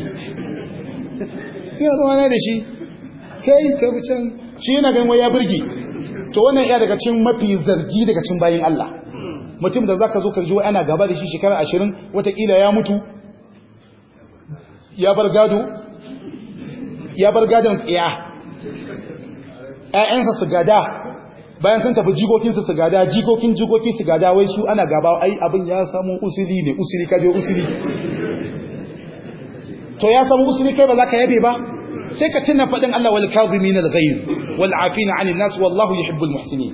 ina zama na da shi kai ta wucin shi na gani ya burge to wannan ya daga cikin mafi zargi daga cikin bayan Allah mutum da zaka zo ka ji ana gaba da shi shekara ashirin watakila ya mutu ya bar gado ya bar gadon tsiya ƴaƴansa su gada bayan sun tafi jikokinsu su gada jikokin jikokin su gada wai su ana gaba ai abin ya samu usiri ne usuli kaje usiri? to ya samu usiri, kai ba za ka yabe ba sai ka tuna faɗin Allah wal kazimin al ghayr wal afina ani nas wallahu yuhibbul muhsinin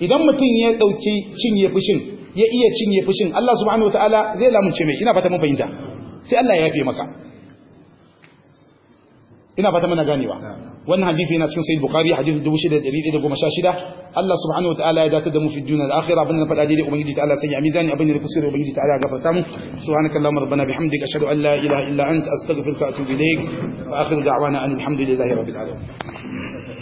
idan mutum ya dauki cinye fushin ya iya cinye fushin Allah subhanahu wataala zai lamunce mai ina fata mun fahimta sai Allah ya yafe maka ina fata muna ganewa wannan hadisi yana cikin sayyid bukhari hadisi 6116 Allah subhanahu wataala ya dakatar da mu fi dunya da akhirah abin da fada daidai ubangiji ta'ala sanya a mizani abin da kusuri ubangiji ta'ala gafarta mu subhanaka allahumma rabbana bihamdika ashhadu an la ilaha illa anta astaghfiruka wa atubu ilaik wa akhiru da'wana alhamdulillahi rabbil alamin